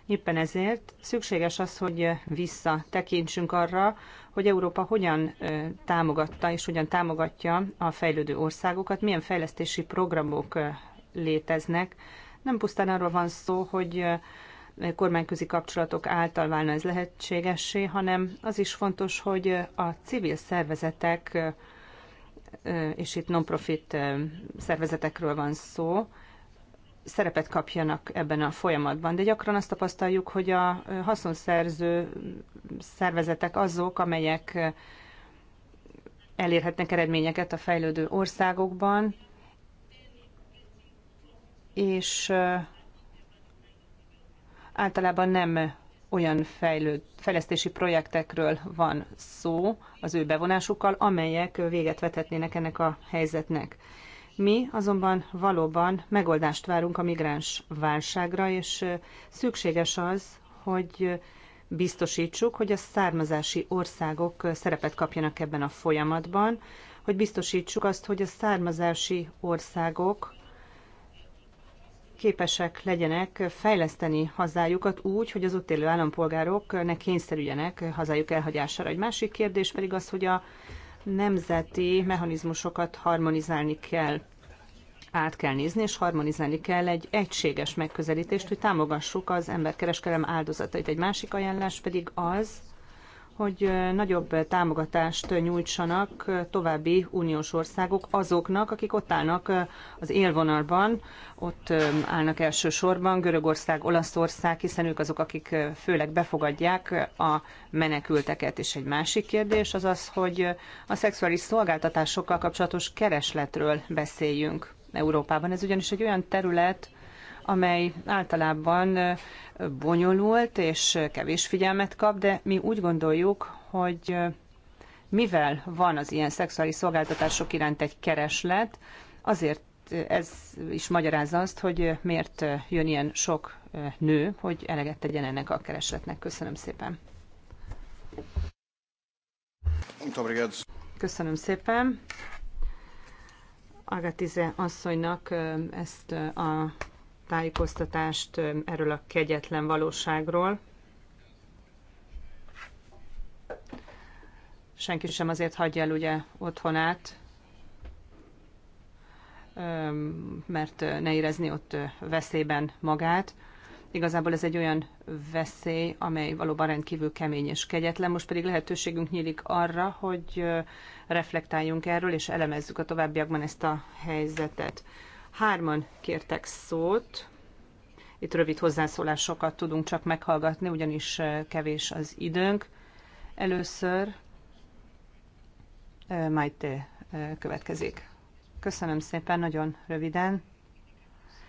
Éppen ezért szükséges az, hogy visszatekintsünk arra, hogy Európa hogyan eh, támogatta és hogyan támogatja a fejlődő országokat, milyen fejlesztési programok eh, léteznek. Nem pusztán arról van szó, hogy kormányközi kapcsolatok által válna ez lehetségessé, hanem az is fontos, hogy a civil szervezetek és itt non-profit szervezetekről van szó, szerepet kapjanak ebben a folyamatban. De gyakran azt tapasztaljuk, hogy a haszonszerző szervezetek azok, amelyek elérhetnek eredményeket a fejlődő országokban, és általában nem olyan fejlőd, fejlesztési projektekről van szó az ő bevonásukkal, amelyek véget vethetnének ennek a helyzetnek. Mi azonban valóban megoldást várunk a migráns válságra, és szükséges az, hogy biztosítsuk, hogy a származási országok szerepet kapjanak ebben a folyamatban, hogy biztosítsuk azt, hogy a származási országok képesek legyenek fejleszteni hazájukat úgy, hogy az ott élő állampolgárok ne kényszerüljenek hazájuk elhagyására. Egy másik kérdés pedig az, hogy a nemzeti mechanizmusokat harmonizálni kell át kell nézni, és harmonizálni kell egy egységes megközelítést, hogy támogassuk az emberkereskedelem áldozatait. Egy másik ajánlás pedig az, hogy nagyobb támogatást nyújtsanak további uniós országok azoknak, akik ott állnak az élvonalban, ott állnak elsősorban Görögország, Olaszország, hiszen ők azok, akik főleg befogadják a menekülteket. És egy másik kérdés az az, hogy a szexuális szolgáltatásokkal kapcsolatos keresletről beszéljünk Európában. Ez ugyanis egy olyan terület, amely általában bonyolult és kevés figyelmet kap, de mi úgy gondoljuk, hogy mivel van az ilyen szexuális szolgáltatások iránt egy kereslet, azért ez is magyarázza azt, hogy miért jön ilyen sok nő, hogy eleget tegyen ennek a keresletnek. Köszönöm szépen. Köszönöm szépen. Agatize asszonynak ezt a tájékoztatást erről a kegyetlen valóságról. Senki sem azért hagyja el ugye otthonát, mert ne érezni ott veszélyben magát. Igazából ez egy olyan veszély, amely valóban rendkívül kemény és kegyetlen. Most pedig lehetőségünk nyílik arra, hogy reflektáljunk erről, és elemezzük a továbbiakban ezt a helyzetet. Hárman kértek szót. Itt rövid hozzászólásokat tudunk csak meghallgatni, ugyanis kevés az időnk. Először Majte következik. Köszönöm szépen, nagyon röviden.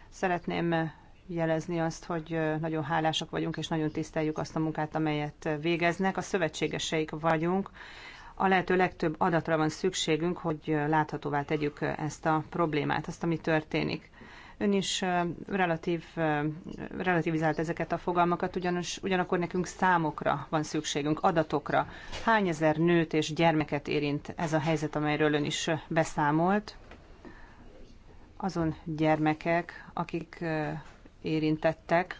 Szeretném jelezni azt, hogy nagyon hálásak vagyunk, és nagyon tiszteljük azt a munkát, amelyet végeznek. A szövetségeseik vagyunk, a lehető legtöbb adatra van szükségünk, hogy láthatóvá tegyük ezt a problémát, azt, ami történik. Ön is relatív, relativizált ezeket a fogalmakat, ugyanis, ugyanakkor nekünk számokra van szükségünk, adatokra. Hány ezer nőt és gyermeket érint ez a helyzet, amelyről ön is beszámolt? Azon gyermekek, akik érintettek,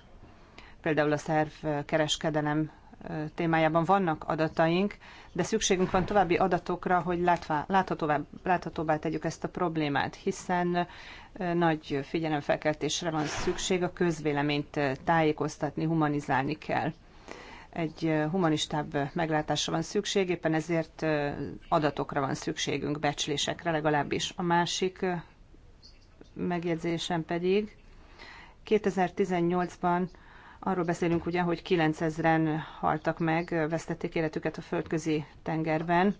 például a szerv kereskedelem témájában vannak adataink, de szükségünk van további adatokra, hogy látvá, láthatóvá, láthatóvá tegyük ezt a problémát, hiszen nagy figyelemfelkeltésre van szükség, a közvéleményt tájékoztatni, humanizálni kell. Egy humanistább meglátásra van szükség, éppen ezért adatokra van szükségünk, becslésekre legalábbis. A másik megjegyzésem pedig 2018-ban Arról beszélünk ugye, hogy 9000-en haltak meg, vesztették életüket a földközi tengerben,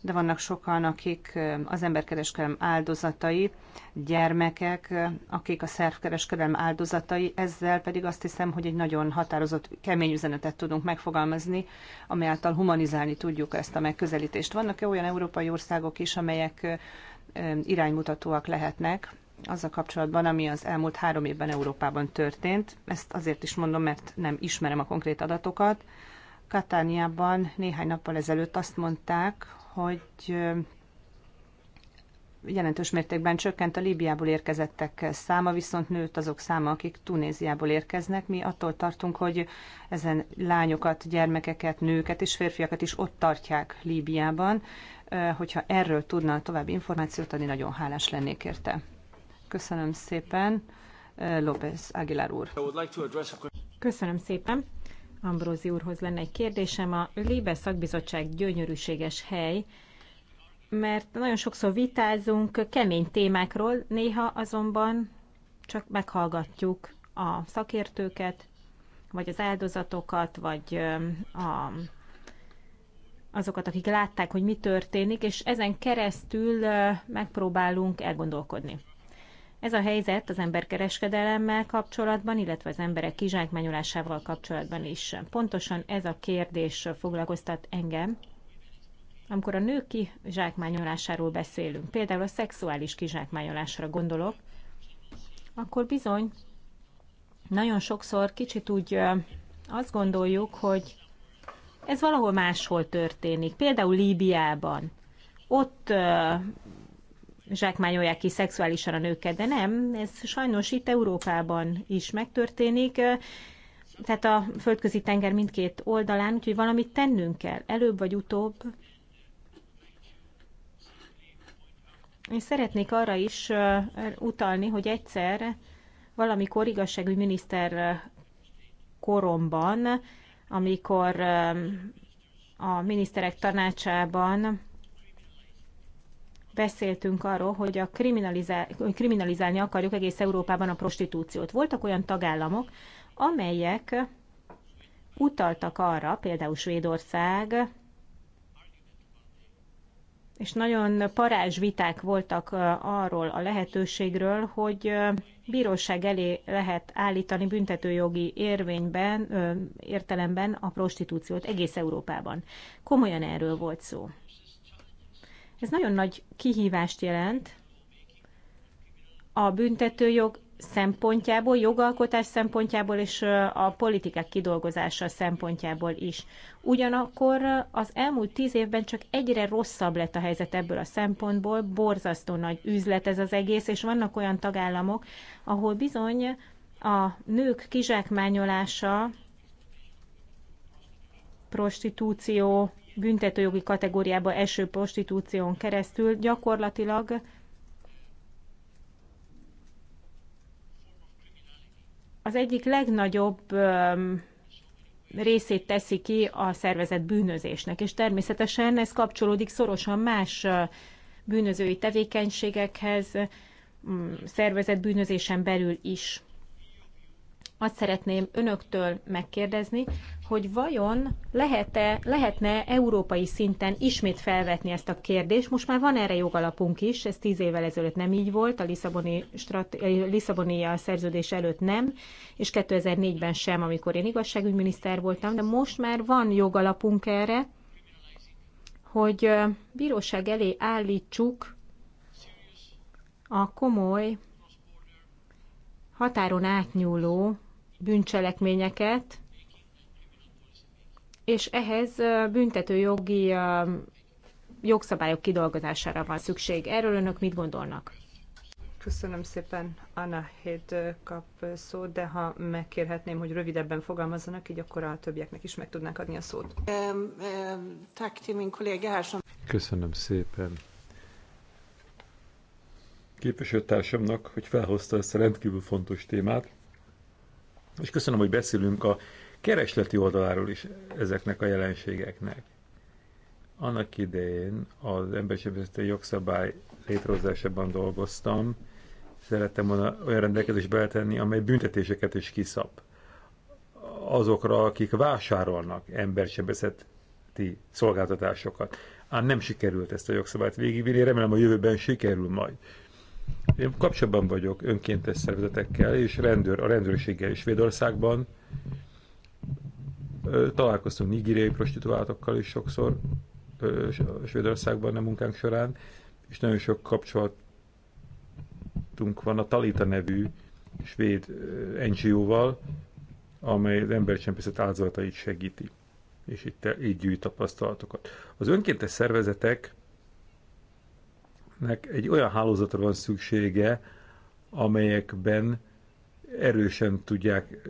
de vannak sokan, akik az emberkereskedelem áldozatai, gyermekek, akik a szervkereskedelem áldozatai, ezzel pedig azt hiszem, hogy egy nagyon határozott, kemény üzenetet tudunk megfogalmazni, által humanizálni tudjuk ezt a megközelítést. Vannak-e olyan európai országok is, amelyek iránymutatóak lehetnek azzal kapcsolatban, ami az elmúlt három évben Európában történt. Ezt azért is mondom, mert nem ismerem a konkrét adatokat. Katániában néhány nappal ezelőtt azt mondták, hogy jelentős mértékben csökkent a Líbiából érkezettek száma, viszont nőtt azok száma, akik Tunéziából érkeznek. Mi attól tartunk, hogy ezen lányokat, gyermekeket, nőket és férfiakat is ott tartják Líbiában. Hogyha erről tudna további információt adni, nagyon hálás lennék érte. Köszönöm szépen, eh, López Aguilar úr. Köszönöm szépen. Ambrózi úrhoz lenne egy kérdésem. A Libe szakbizottság gyönyörűséges hely, mert nagyon sokszor vitázunk kemény témákról, néha azonban csak meghallgatjuk a szakértőket, vagy az áldozatokat, vagy a, azokat, akik látták, hogy mi történik, és ezen keresztül eh, megpróbálunk elgondolkodni. Ez a helyzet az emberkereskedelemmel kapcsolatban, illetve az emberek kizsákmányolásával kapcsolatban is. Pontosan ez a kérdés foglalkoztat engem, amikor a nők kizsákmányolásáról beszélünk, például a szexuális kizsákmányolásra gondolok, akkor bizony nagyon sokszor kicsit úgy azt gondoljuk, hogy ez valahol máshol történik, például Líbiában. Ott zsákmányolják ki szexuálisan a nőket, de nem, ez sajnos itt Európában is megtörténik, tehát a földközi tenger mindkét oldalán, úgyhogy valamit tennünk kell, előbb vagy utóbb. Én szeretnék arra is utalni, hogy egyszer valamikor miniszter koromban, amikor a miniszterek tanácsában beszéltünk arról, hogy a kriminalizál, kriminalizálni akarjuk egész Európában a prostitúciót. Voltak olyan tagállamok, amelyek utaltak arra, például Svédország, és nagyon parázs viták voltak arról a lehetőségről, hogy bíróság elé lehet állítani büntetőjogi érvényben, értelemben a prostitúciót egész Európában. Komolyan erről volt szó. Ez nagyon nagy kihívást jelent a büntetőjog szempontjából, jogalkotás szempontjából és a politikák kidolgozása szempontjából is. Ugyanakkor az elmúlt tíz évben csak egyre rosszabb lett a helyzet ebből a szempontból, borzasztó nagy üzlet ez az egész, és vannak olyan tagállamok, ahol bizony a nők kizsákmányolása, prostitúció, büntetőjogi kategóriába eső prostitúción keresztül gyakorlatilag az egyik legnagyobb részét teszi ki a szervezet bűnözésnek, és természetesen ez kapcsolódik szorosan más bűnözői tevékenységekhez, szervezet bűnözésen belül is azt szeretném önöktől megkérdezni, hogy vajon lehet-e, lehetne európai szinten ismét felvetni ezt a kérdést. Most már van erre jogalapunk is, ez tíz évvel ezelőtt nem így volt, a Lisszaboni, strat, eh, Lisszaboni szerződés előtt nem, és 2004-ben sem, amikor én igazságügyminiszter voltam, de most már van jogalapunk erre, hogy eh, bíróság elé állítsuk a komoly határon átnyúló bűncselekményeket, és ehhez büntetőjogi jogszabályok kidolgozására van szükség. Erről önök mit gondolnak? Köszönöm szépen, Anna Hed kap szót, de ha megkérhetném, hogy rövidebben fogalmazzanak, így akkor a többieknek is meg tudnánk adni a szót. Köszönöm szépen. Képviselőtársamnak, hogy felhozta ezt a rendkívül fontos témát és köszönöm, hogy beszélünk a keresleti oldaláról is ezeknek a jelenségeknek. Annak idején az emberisebesztő jogszabály létrehozásában dolgoztam, szerettem volna olyan rendelkezést beletenni, amely büntetéseket is kiszab azokra, akik vásárolnak embersebeszeti szolgáltatásokat. Ám nem sikerült ezt a jogszabályt végigvinni, remélem a jövőben sikerül majd. Én kapcsolatban vagyok önkéntes szervezetekkel és rendőr, a rendőrséggel is Svédországban. Találkoztunk nigériai prostituáltakkal is sokszor Svédországban a munkánk során, és nagyon sok kapcsolatunk van a Talita nevű svéd NGO-val, amely az embercsempészet áldozatait segíti, és itt így gyűjt tapasztalatokat. Az önkéntes szervezetek embereknek egy olyan hálózatra van szüksége, amelyekben erősen tudják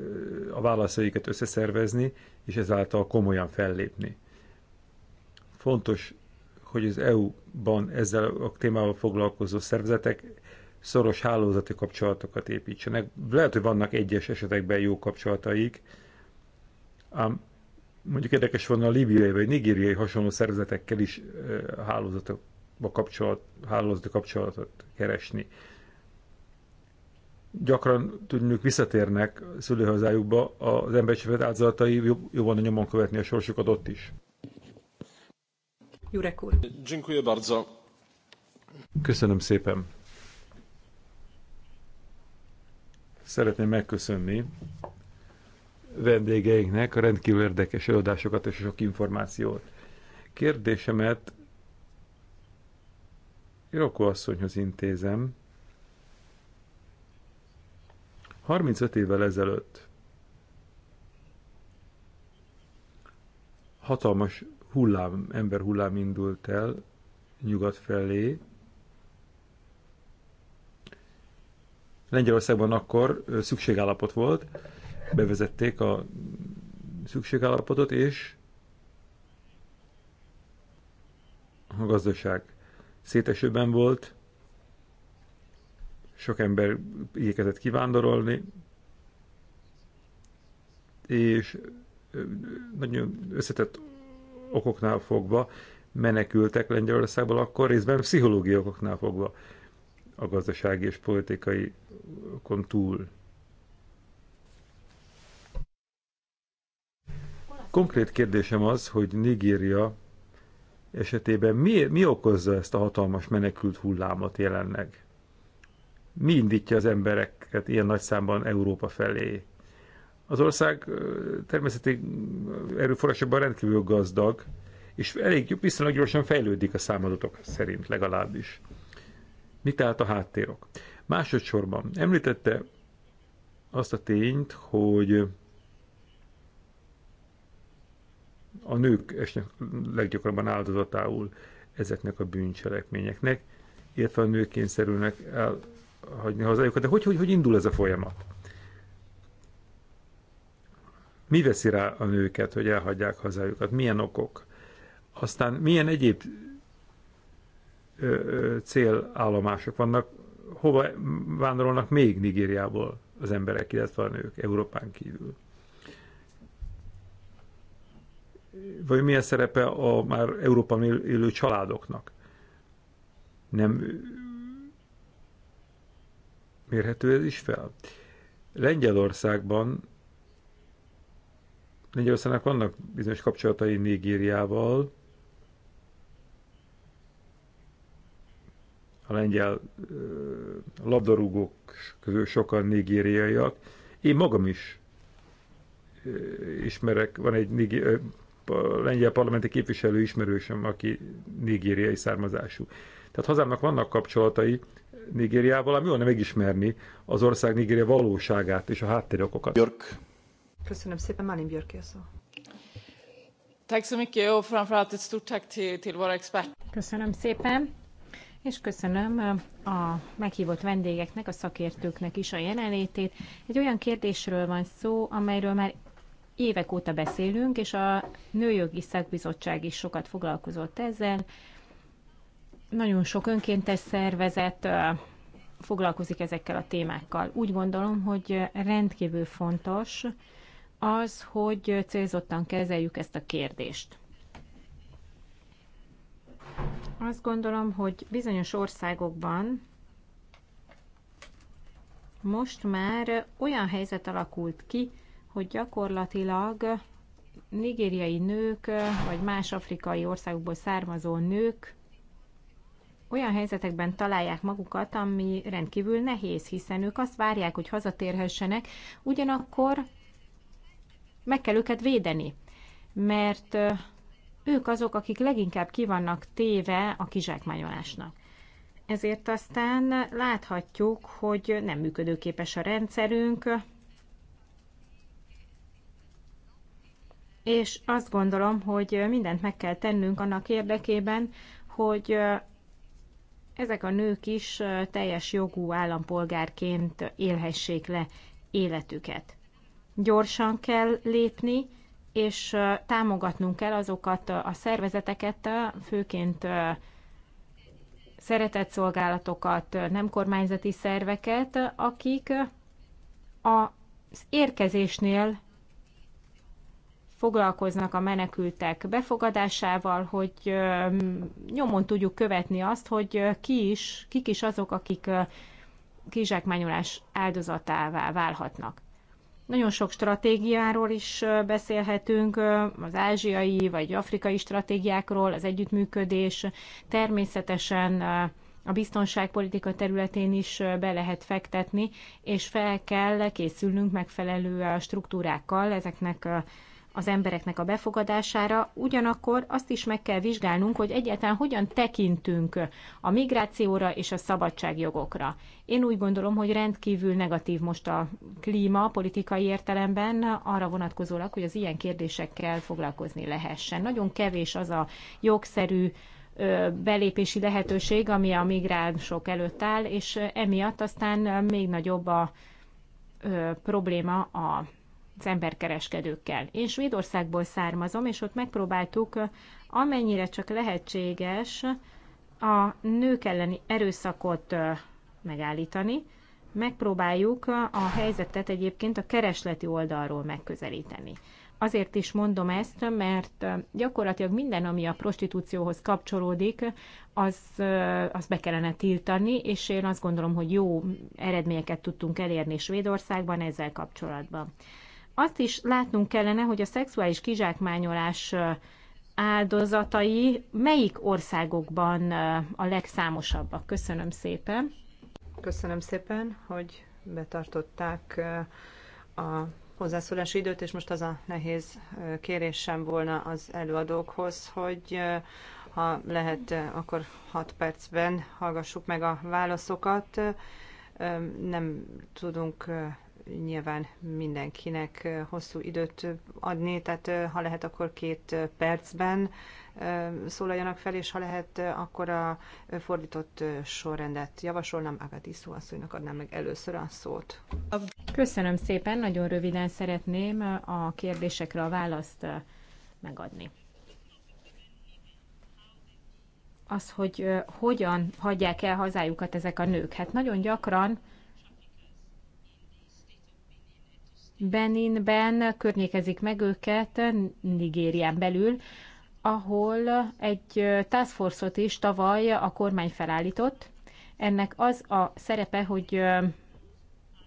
a válaszaikat összeszervezni, és ezáltal komolyan fellépni. Fontos, hogy az EU-ban ezzel a témával foglalkozó szervezetek szoros hálózati kapcsolatokat építsenek. Lehet, hogy vannak egyes esetekben jó kapcsolataik, ám mondjuk érdekes volna a libiai vagy nigériai hasonló szervezetekkel is hálózatok kapcsolat, hálózati kapcsolatot keresni. Gyakran tudjuk visszatérnek szülőhazájukba az embercsövet áldozatai, jobban a nyomon követni a sorsukat ott is. Jurek úr. Dziękuję bardzo. Köszönöm szépen. Szeretném megköszönni vendégeinknek a rendkívül érdekes előadásokat és sok információt. Kérdésemet Jóko asszonyhoz intézem. 35 évvel ezelőtt hatalmas hullám, emberhullám indult el nyugat felé. Lengyelországban akkor szükségállapot volt, bevezették a szükségállapotot, és a gazdaság szétesőben volt, sok ember igyekezett kivándorolni, és nagyon összetett okoknál fogva menekültek Lengyelországból, akkor részben pszichológiai okoknál fogva a gazdasági és politikai okon túl. Konkrét kérdésem az, hogy Nigéria esetében mi, mi okozza ezt a hatalmas menekült hullámot jelenleg? Mi indítja az embereket ilyen nagy számban Európa felé? Az ország természeti erőforrásokban rendkívül gazdag, és elég viszonylag gyorsan fejlődik a számadatok szerint legalábbis. Mi tehát a háttérok? Másodszorban említette azt a tényt, hogy a nők esnek leggyakrabban áldozatául ezeknek a bűncselekményeknek, illetve a nők kényszerülnek elhagyni hazájukat. De hogy, hogy, hogy indul ez a folyamat? Mi veszi rá a nőket, hogy elhagyják hazájukat? Milyen okok? Aztán milyen egyéb célállomások vannak, hova vándorolnak még Nigériából az emberek, illetve a nők Európán kívül? vagy milyen szerepe a már Európában élő családoknak? Nem mérhető ez is fel? Lengyelországban Lengyelországnak vannak bizonyos kapcsolatai Nigériával, a lengyel labdarúgók közül sokan nigériaiak. Én magam is ismerek, van egy lengyel parlamenti képviselő ismerősöm, aki nigériai származású. Tehát hazámnak vannak kapcsolatai Nigériával, ami volna megismerni az ország Nigéria valóságát és a háttérokokat. Björk. Köszönöm szépen, Malin Björk szó. Köszönöm szépen, és köszönöm a meghívott vendégeknek, a szakértőknek is a jelenlétét. Egy olyan kérdésről van szó, amelyről már évek óta beszélünk, és a Nőjogi Szakbizottság is sokat foglalkozott ezzel. Nagyon sok önkéntes szervezet foglalkozik ezekkel a témákkal. Úgy gondolom, hogy rendkívül fontos az, hogy célzottan kezeljük ezt a kérdést. Azt gondolom, hogy bizonyos országokban most már olyan helyzet alakult ki, hogy gyakorlatilag nigériai nők, vagy más afrikai országokból származó nők olyan helyzetekben találják magukat, ami rendkívül nehéz, hiszen ők azt várják, hogy hazatérhessenek, ugyanakkor meg kell őket védeni, mert ők azok, akik leginkább kivannak téve a kizsákmányolásnak. Ezért aztán láthatjuk, hogy nem működőképes a rendszerünk, és azt gondolom, hogy mindent meg kell tennünk annak érdekében, hogy ezek a nők is teljes jogú állampolgárként élhessék le életüket. Gyorsan kell lépni, és támogatnunk kell azokat a szervezeteket, főként szeretett szolgálatokat, nem kormányzati szerveket, akik az érkezésnél foglalkoznak a menekültek befogadásával, hogy nyomon tudjuk követni azt, hogy ki is, kik is azok, akik kizsákmányolás áldozatává válhatnak. Nagyon sok stratégiáról is beszélhetünk, az ázsiai vagy afrikai stratégiákról, az együttműködés. Természetesen a biztonságpolitika területén is be lehet fektetni, és fel kell készülnünk megfelelő struktúrákkal ezeknek az embereknek a befogadására, ugyanakkor azt is meg kell vizsgálnunk, hogy egyáltalán hogyan tekintünk a migrációra és a szabadságjogokra. Én úgy gondolom, hogy rendkívül negatív most a klíma politikai értelemben arra vonatkozólag, hogy az ilyen kérdésekkel foglalkozni lehessen. Nagyon kevés az a jogszerű belépési lehetőség, ami a migránsok előtt áll, és emiatt aztán még nagyobb a probléma a az emberkereskedőkkel. Én Svédországból származom, és ott megpróbáltuk amennyire csak lehetséges a nők elleni erőszakot megállítani. Megpróbáljuk a helyzetet egyébként a keresleti oldalról megközelíteni. Azért is mondom ezt, mert gyakorlatilag minden, ami a prostitúcióhoz kapcsolódik, az, az be kellene tiltani, és én azt gondolom, hogy jó eredményeket tudtunk elérni Svédországban ezzel kapcsolatban. Azt is látnunk kellene, hogy a szexuális kizsákmányolás áldozatai melyik országokban a legszámosabbak? Köszönöm szépen. Köszönöm szépen, hogy betartották a hozzászólási időt, és most az a nehéz kérésem volna az előadókhoz, hogy ha lehet, akkor 6 percben hallgassuk meg a válaszokat. Nem tudunk nyilván mindenkinek hosszú időt adni, tehát ha lehet, akkor két percben szólaljanak fel, és ha lehet, akkor a fordított sorrendet javasolnám. Ágati szóasszonynak adnám meg először a szót. Köszönöm szépen, nagyon röviden szeretném a kérdésekre a választ megadni. Az, hogy hogyan hagyják el hazájukat ezek a nők. Hát nagyon gyakran Beninben környékezik meg őket, Nigérián belül, ahol egy task force-ot is tavaly a kormány felállított. Ennek az a szerepe, hogy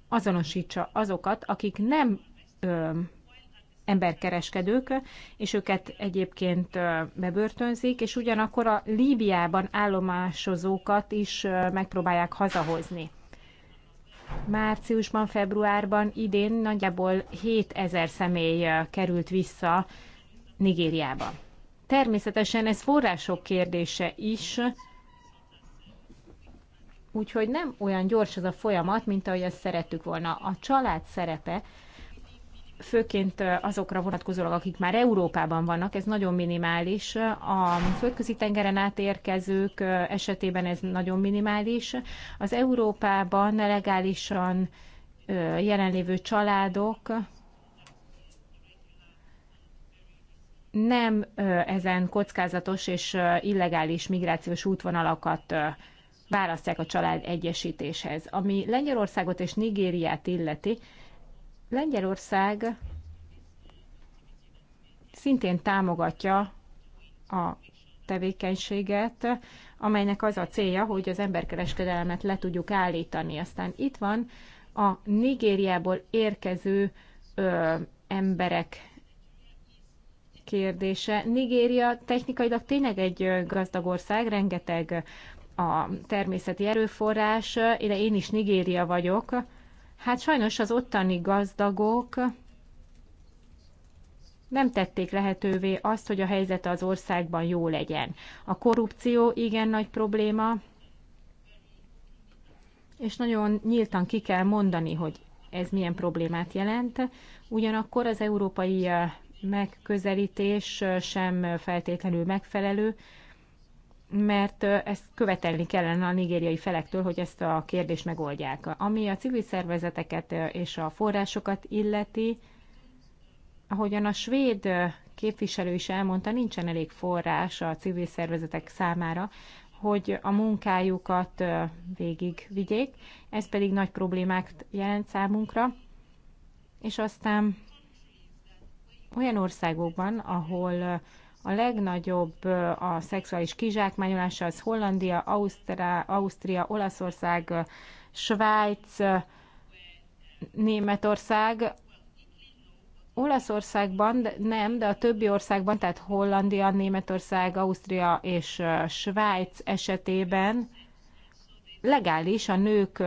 azonosítsa azokat, akik nem ö, emberkereskedők, és őket egyébként ö, bebörtönzik, és ugyanakkor a Líbiában állomásozókat is ö, megpróbálják hazahozni. Márciusban, februárban idén nagyjából 7000 személy került vissza Nigériába. Természetesen ez források kérdése is, úgyhogy nem olyan gyors ez a folyamat, mint ahogy ezt szerettük volna. A család szerepe főként azokra vonatkozólag, akik már Európában vannak, ez nagyon minimális. A földközi tengeren átérkezők esetében ez nagyon minimális. Az Európában legálisan jelenlévő családok nem ezen kockázatos és illegális migrációs útvonalakat választják a család egyesítéshez. Ami Lengyelországot és Nigériát illeti, Lengyelország szintén támogatja a tevékenységet, amelynek az a célja, hogy az emberkereskedelmet le tudjuk állítani. Aztán itt van a Nigériából érkező ö, emberek kérdése. Nigéria technikailag tényleg egy gazdag ország, rengeteg a természeti erőforrás, én is Nigéria vagyok, Hát sajnos az ottani gazdagok nem tették lehetővé azt, hogy a helyzet az országban jó legyen. A korrupció igen nagy probléma, és nagyon nyíltan ki kell mondani, hogy ez milyen problémát jelent. Ugyanakkor az európai eh, megközelítés eh, sem feltétlenül megfelelő, mert ezt követelni kellene a nigériai felektől, hogy ezt a kérdést megoldják. Ami a civil szervezeteket és a forrásokat illeti, ahogyan a svéd képviselő is elmondta, nincsen elég forrás a civil szervezetek számára, hogy a munkájukat végigvigyék. Ez pedig nagy problémákat jelent számunkra. És aztán olyan országokban, ahol a legnagyobb a szexuális kizsákmányolása az Hollandia, Ausztrá, Ausztria, Olaszország, Svájc, Németország. Olaszországban nem, de a többi országban, tehát Hollandia, Németország, Ausztria és Svájc esetében legális a nők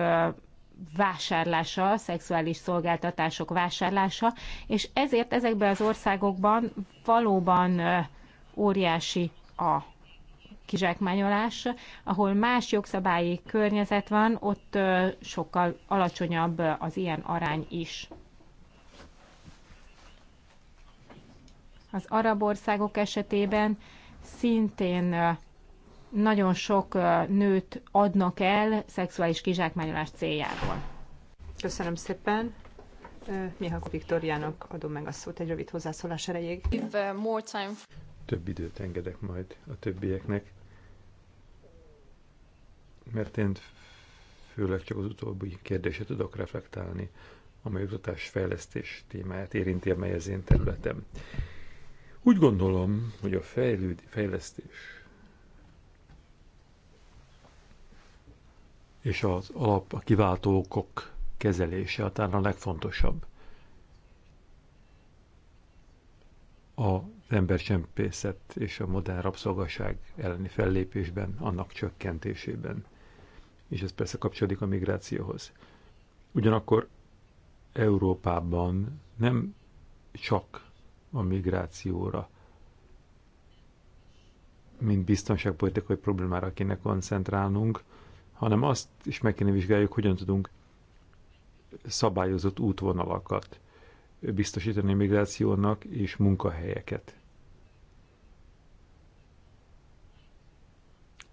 vásárlása, szexuális szolgáltatások vásárlása, és ezért ezekben az országokban valóban óriási a kizsákmányolás, ahol más jogszabályi környezet van, ott sokkal alacsonyabb az ilyen arány is. Az arab országok esetében szintén nagyon sok nőt adnak el szexuális kizsákmányolás céljából. Köszönöm szépen. Mihak Viktoriának adom meg a szót egy rövid hozzászólás erejéig. Uh, több időt engedek majd a többieknek, mert én főleg csak az utóbbi kérdésre tudok reflektálni, amely oktatás fejlesztés témáját érinti, amely az én területem. Úgy gondolom, hogy a fejlőd, fejlesztés és az alap, a kiváltó okok kezelése a legfontosabb. A embercsempészet és a modern rabszolgaság elleni fellépésben, annak csökkentésében. És ez persze kapcsolódik a migrációhoz. Ugyanakkor Európában nem csak a migrációra, mint biztonságpolitikai problémára kéne koncentrálnunk, hanem azt is meg kéne vizsgáljuk, hogyan tudunk szabályozott útvonalakat biztosítani migrációnak és munkahelyeket.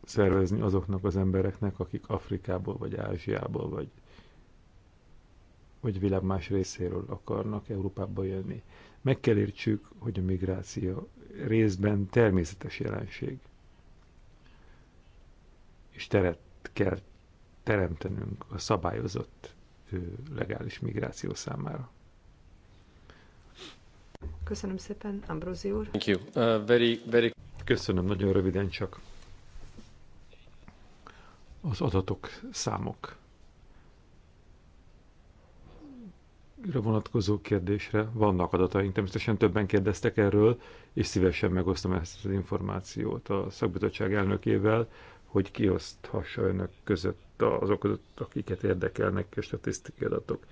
Szervezni azoknak az embereknek, akik Afrikából, vagy Ázsiából, vagy, vagy világ más részéről akarnak Európába jönni. Meg kell értsük, hogy a migráció részben természetes jelenség. És teret kell teremtenünk a szabályozott legális migráció számára. Köszönöm szépen, Ambrózi úr. Thank you. Uh, very, very... Köszönöm, nagyon röviden csak. Az adatok, számok. vonatkozó kérdésre vannak adataink, természetesen többen kérdeztek erről, és szívesen megosztom ezt az információt a szakbizottság elnökével, hogy kioszthassa önök között azok között, akiket érdekelnek a statisztikai adatok.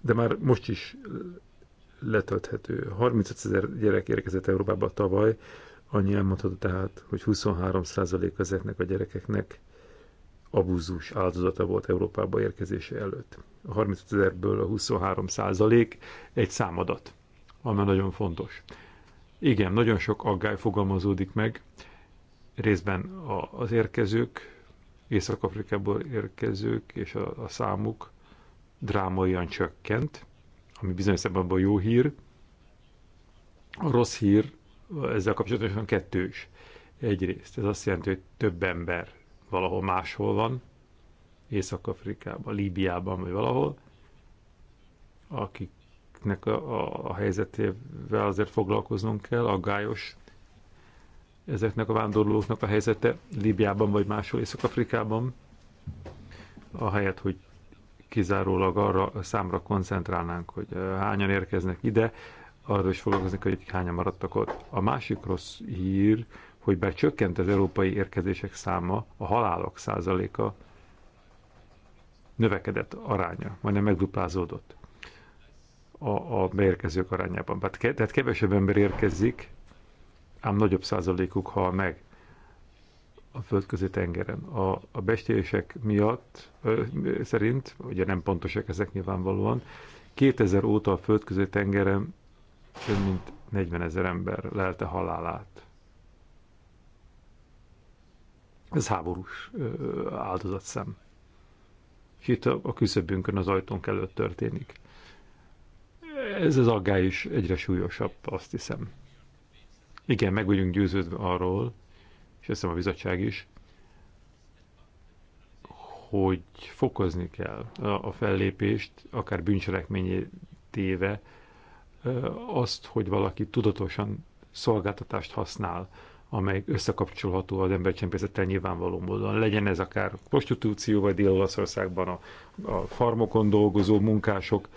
De már most is letölthető. 35 ezer gyerek érkezett Európába tavaly, annyi elmondható tehát, hogy 23% százalék ezeknek a gyerekeknek abúzus áldozata volt Európába érkezése előtt. A 35 ezerből a 23 százalék egy számadat, ami nagyon fontos. Igen, nagyon sok aggály fogalmazódik meg, részben az érkezők, Észak-Afrikából érkezők és a, a számuk drámaian csökkent, ami bizonyos szempontból jó hír. A rossz hír ezzel kapcsolatosan kettős. Egyrészt ez azt jelenti, hogy több ember valahol máshol van, Észak-Afrikában, Líbiában vagy valahol, akiknek a, a, a helyzetével azért foglalkoznunk kell, aggályos ezeknek a vándorlóknak a helyzete Líbiában vagy máshol Észak-Afrikában, ahelyett, hogy kizárólag arra a számra koncentrálnánk, hogy hányan érkeznek ide, arra is foglalkozni, hogy hányan maradtak ott. A másik rossz hír, hogy bár csökkent az európai érkezések száma, a halálok százaléka növekedett aránya, majdnem megduplázódott a, a beérkezők arányában. Tehát kevesebb ember érkezik, ám nagyobb százalékuk hal meg a földközi tengeren. A, a bestélések miatt ö, szerint, ugye nem pontosak ezek nyilvánvalóan, 2000 óta a földközi tengeren több mint 40 ezer ember lelte halálát. Ez háborús áldozatszem. És itt a, a küszöbünkön, az ajtónk előtt történik. Ez az aggály is egyre súlyosabb, azt hiszem. Igen, meg vagyunk győződve arról, és azt hiszem a bizottság is, hogy fokozni kell a fellépést, akár bűncselekményé téve, azt, hogy valaki tudatosan szolgáltatást használ, amely összekapcsolható az embercsempészettel nyilvánvaló módon. Legyen ez akár prostitúció, vagy Dél-Olaszországban a, a farmokon dolgozó munkások,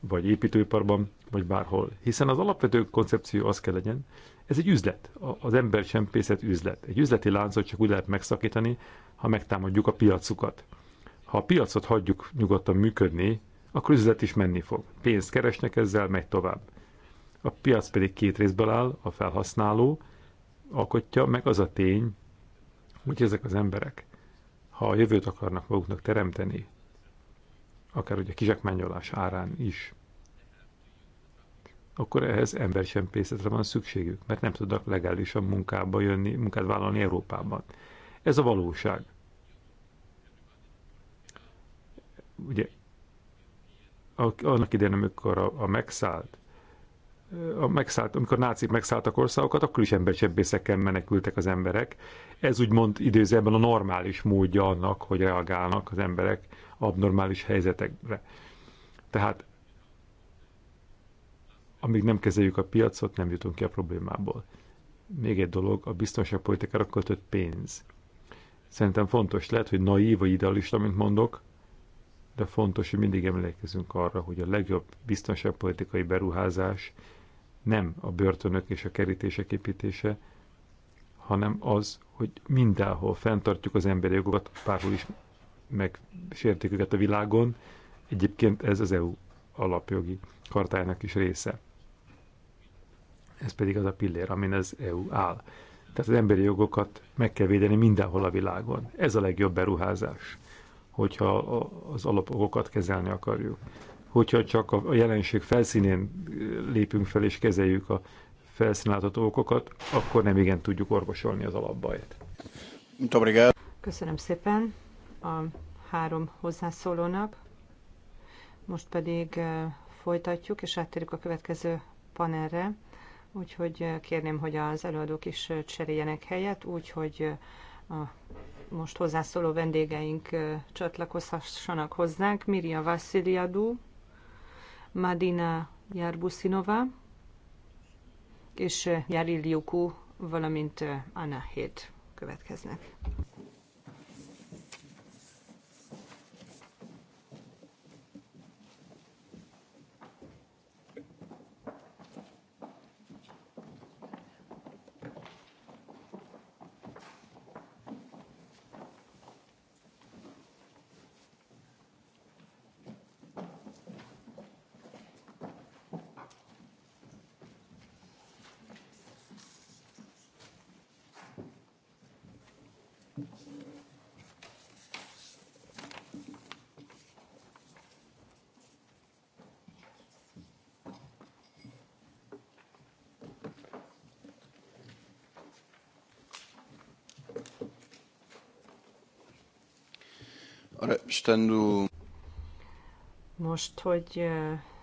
vagy építőiparban, vagy bárhol. Hiszen az alapvető koncepció az kell legyen, ez egy üzlet, az embercsempészet üzlet. Egy üzleti láncot csak úgy lehet megszakítani, ha megtámadjuk a piacukat. Ha a piacot hagyjuk nyugodtan működni, akkor üzlet is menni fog. Pénzt keresnek ezzel, megy tovább. A piac pedig két részből áll, a felhasználó alkotja, meg az a tény, hogy ezek az emberek, ha a jövőt akarnak maguknak teremteni, akár ugye kizsákmányolás árán is, akkor ehhez embercsempészetre van szükségük, mert nem tudnak legálisan munkába jönni, munkát vállalni Európában. Ez a valóság. Ugye annak idején, amikor a, a megszállt, a megszállt, amikor nácik megszálltak országokat, akkor is embercsebbészekkel menekültek az emberek. Ez úgymond időzőben a normális módja annak, hogy reagálnak az emberek abnormális helyzetekre. Tehát amíg nem kezeljük a piacot, nem jutunk ki a problémából. Még egy dolog, a biztonságpolitikára költött pénz. Szerintem fontos lehet, hogy naív vagy idealista, mint mondok, de fontos, hogy mindig emlékezünk arra, hogy a legjobb biztonságpolitikai beruházás nem a börtönök és a kerítések építése, hanem az, hogy mindenhol fenntartjuk az emberi jogokat, bárhol is megsértik őket a világon. Egyébként ez az EU alapjogi kartájának is része. Ez pedig az a pillér, amin az EU áll. Tehát az emberi jogokat meg kell védeni mindenhol a világon. Ez a legjobb beruházás, hogyha az alapokat kezelni akarjuk. Hogyha csak a jelenség felszínén eh, lépünk fel és kezeljük a felszínáltató okokat, akkor nem igen tudjuk orvosolni az alapbajt. Köszönöm szépen a három hozzászólónak. Most pedig eh, folytatjuk, és áttérjük a következő panelre. Úgyhogy eh, kérném, hogy az előadók is eh, cseréljenek helyet, úgyhogy eh, a most hozzászóló vendégeink csatlakozhassanak hozzánk. Miria Vassziliadú, Madina Jarbusinova és Jaril Juku, valamint Anna Hét következnek. Most, hogy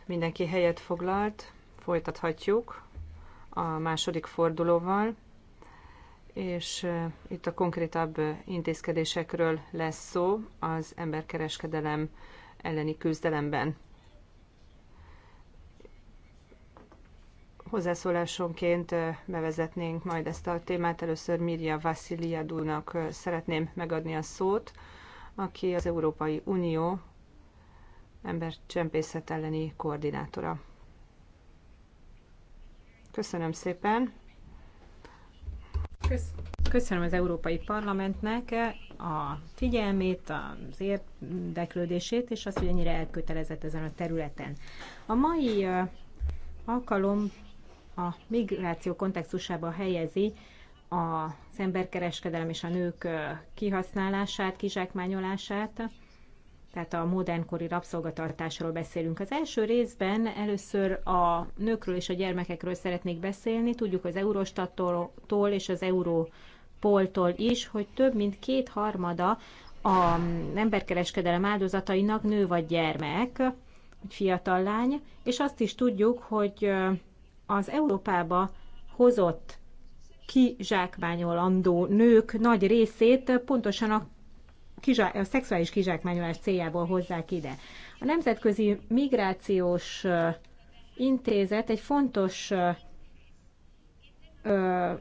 mindenki helyet foglalt, folytathatjuk a második fordulóval, és itt a konkrétabb intézkedésekről lesz szó az emberkereskedelem elleni küzdelemben. hozzászólásonként bevezetnénk majd ezt a témát. Először Mirja Vassziliadúnak szeretném megadni a szót, aki az Európai Unió embercsempészet elleni koordinátora. Köszönöm szépen! Köszönöm az Európai Parlamentnek a figyelmét, az érdeklődését, és azt, hogy ennyire elkötelezett ezen a területen. A mai alkalom a migráció kontextusába helyezi az emberkereskedelem és a nők kihasználását, kizsákmányolását, tehát a modernkori rabszolgatartásról beszélünk. Az első részben először a nőkről és a gyermekekről szeretnék beszélni. Tudjuk az Eurostattól és az Európoltól is, hogy több mint kétharmada a emberkereskedelem áldozatainak nő vagy gyermek, egy fiatal lány, és azt is tudjuk, hogy az Európába hozott kizsákmányolandó nők nagy részét pontosan a, kizsá- a szexuális kizsákmányolás céljából hozzák ide. A Nemzetközi Migrációs Intézet egy fontos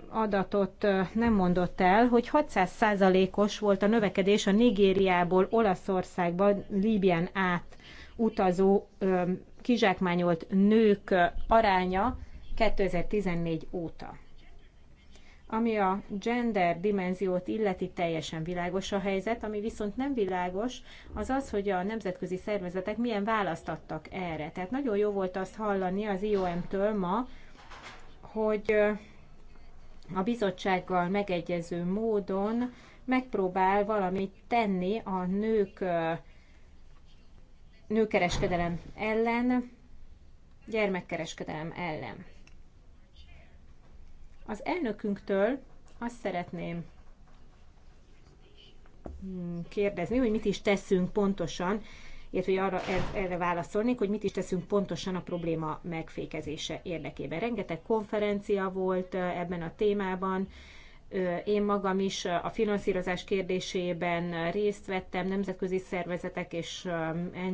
adatot nem mondott el, hogy 600%-os volt a növekedés a Nigériából Olaszországba, Líbien át utazó kizsákmányolt nők aránya 2014 óta. Ami a gender dimenziót illeti, teljesen világos a helyzet, ami viszont nem világos, az az, hogy a nemzetközi szervezetek milyen választ adtak erre. Tehát nagyon jó volt azt hallani az IOM-től ma, hogy a bizottsággal megegyező módon megpróbál valamit tenni a nők nőkereskedelem ellen, gyermekkereskedelem ellen. Az elnökünktől azt szeretném hmm, kérdezni, hogy mit is teszünk pontosan, illetve arra, erre válaszolnék, hogy mit is teszünk pontosan a probléma megfékezése érdekében. Rengeteg konferencia volt ebben a témában, én magam is a finanszírozás kérdésében részt vettem nemzetközi szervezetek és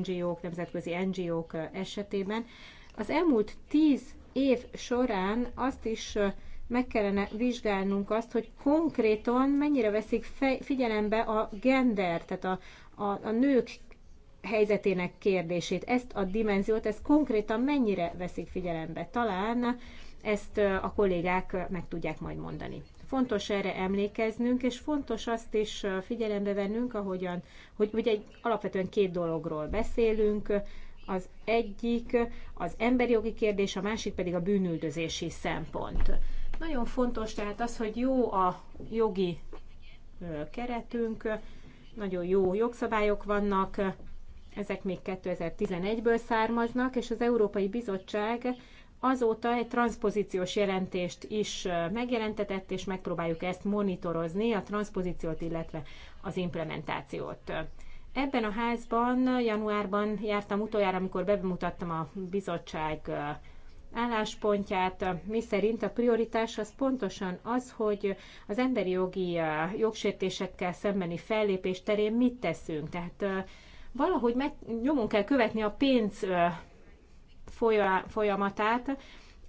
NGO-k, nemzetközi NGO-k esetében. Az elmúlt tíz év során azt is meg kellene vizsgálnunk azt, hogy konkrétan mennyire veszik fej, figyelembe a gender, tehát a, a, a nők helyzetének kérdését, ezt a dimenziót, ezt konkrétan mennyire veszik figyelembe. Talán ezt a kollégák meg tudják majd mondani. Fontos erre emlékeznünk, és fontos azt is figyelembe vennünk, ahogyan, hogy ugye egy, alapvetően két dologról beszélünk, az egyik az emberi jogi kérdés, a másik pedig a bűnüldözési szempont. Nagyon fontos tehát az, hogy jó a jogi keretünk, nagyon jó jogszabályok vannak, ezek még 2011-ből származnak, és az Európai Bizottság azóta egy transpozíciós jelentést is megjelentetett, és megpróbáljuk ezt monitorozni, a transpozíciót, illetve az implementációt. Ebben a házban januárban jártam utoljára, amikor bemutattam a bizottság álláspontját, mi szerint a prioritás az pontosan az, hogy az emberi jogi jogsértésekkel szembeni fellépés terén mit teszünk. Tehát valahogy meg, nyomon kell követni a pénz folyamatát,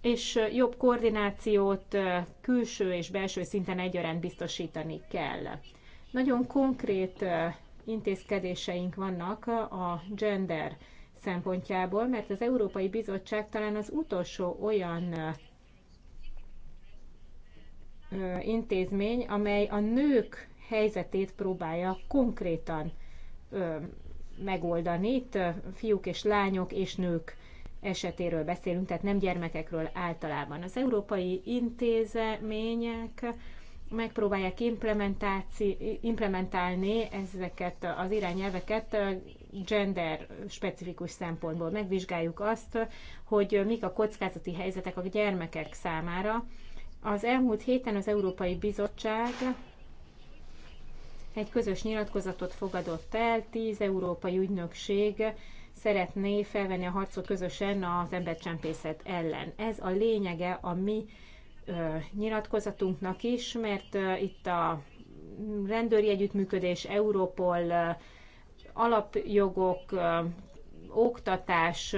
és jobb koordinációt külső és belső szinten egyaránt biztosítani kell. Nagyon konkrét intézkedéseink vannak a gender szempontjából, mert az Európai Bizottság talán az utolsó olyan intézmény, amely a nők helyzetét próbálja konkrétan megoldani. Itt fiúk és lányok és nők esetéről beszélünk, tehát nem gyermekekről általában. Az európai intézmények megpróbálják implementálni ezeket az irányelveket gender specifikus szempontból megvizsgáljuk azt, hogy mik a kockázati helyzetek a gyermekek számára. Az elmúlt héten az Európai Bizottság egy közös nyilatkozatot fogadott el, 10 európai ügynökség szeretné felvenni a harcot közösen az embercsempészet ellen. Ez a lényege a mi nyilatkozatunknak is, mert itt a rendőri együttműködés, ö, alapjogok, oktatás,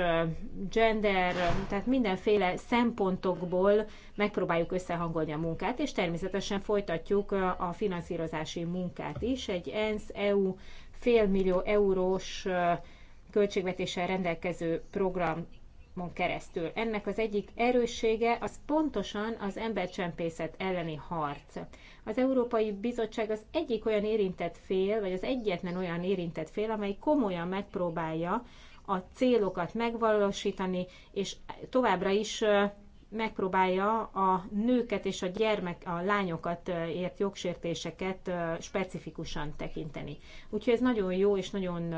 gender, tehát mindenféle szempontokból megpróbáljuk összehangolni a munkát, és természetesen folytatjuk a finanszírozási munkát is. Egy ENSZ-EU félmillió eurós költségvetéssel rendelkező program platformon keresztül. Ennek az egyik erőssége az pontosan az embercsempészet elleni harc. Az Európai Bizottság az egyik olyan érintett fél, vagy az egyetlen olyan érintett fél, amely komolyan megpróbálja a célokat megvalósítani, és továbbra is megpróbálja a nőket és a gyermek, a lányokat ért jogsértéseket specifikusan tekinteni. Úgyhogy ez nagyon jó és nagyon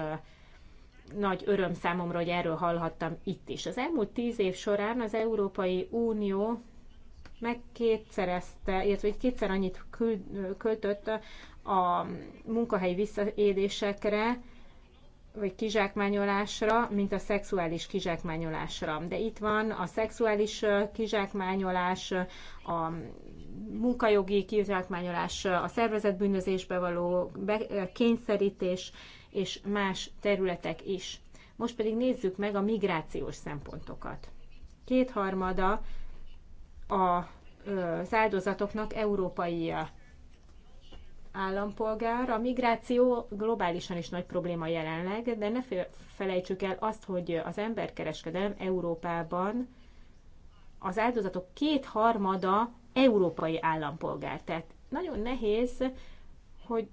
nagy öröm számomra, hogy erről hallhattam itt is. Az elmúlt tíz év során az Európai Unió megkétszerezte, illetve hogy kétszer annyit költött a munkahelyi visszaédésekre, vagy kizsákmányolásra, mint a szexuális kizsákmányolásra. De itt van a szexuális kizsákmányolás, a munkajogi kizsákmányolás, a szervezetbűnözésbe való kényszerítés, és más területek is. Most pedig nézzük meg a migrációs szempontokat. Kétharmada az áldozatoknak európai állampolgár. A migráció globálisan is nagy probléma jelenleg, de ne felejtsük el azt, hogy az emberkereskedelem Európában az áldozatok kétharmada európai állampolgár. Tehát nagyon nehéz, hogy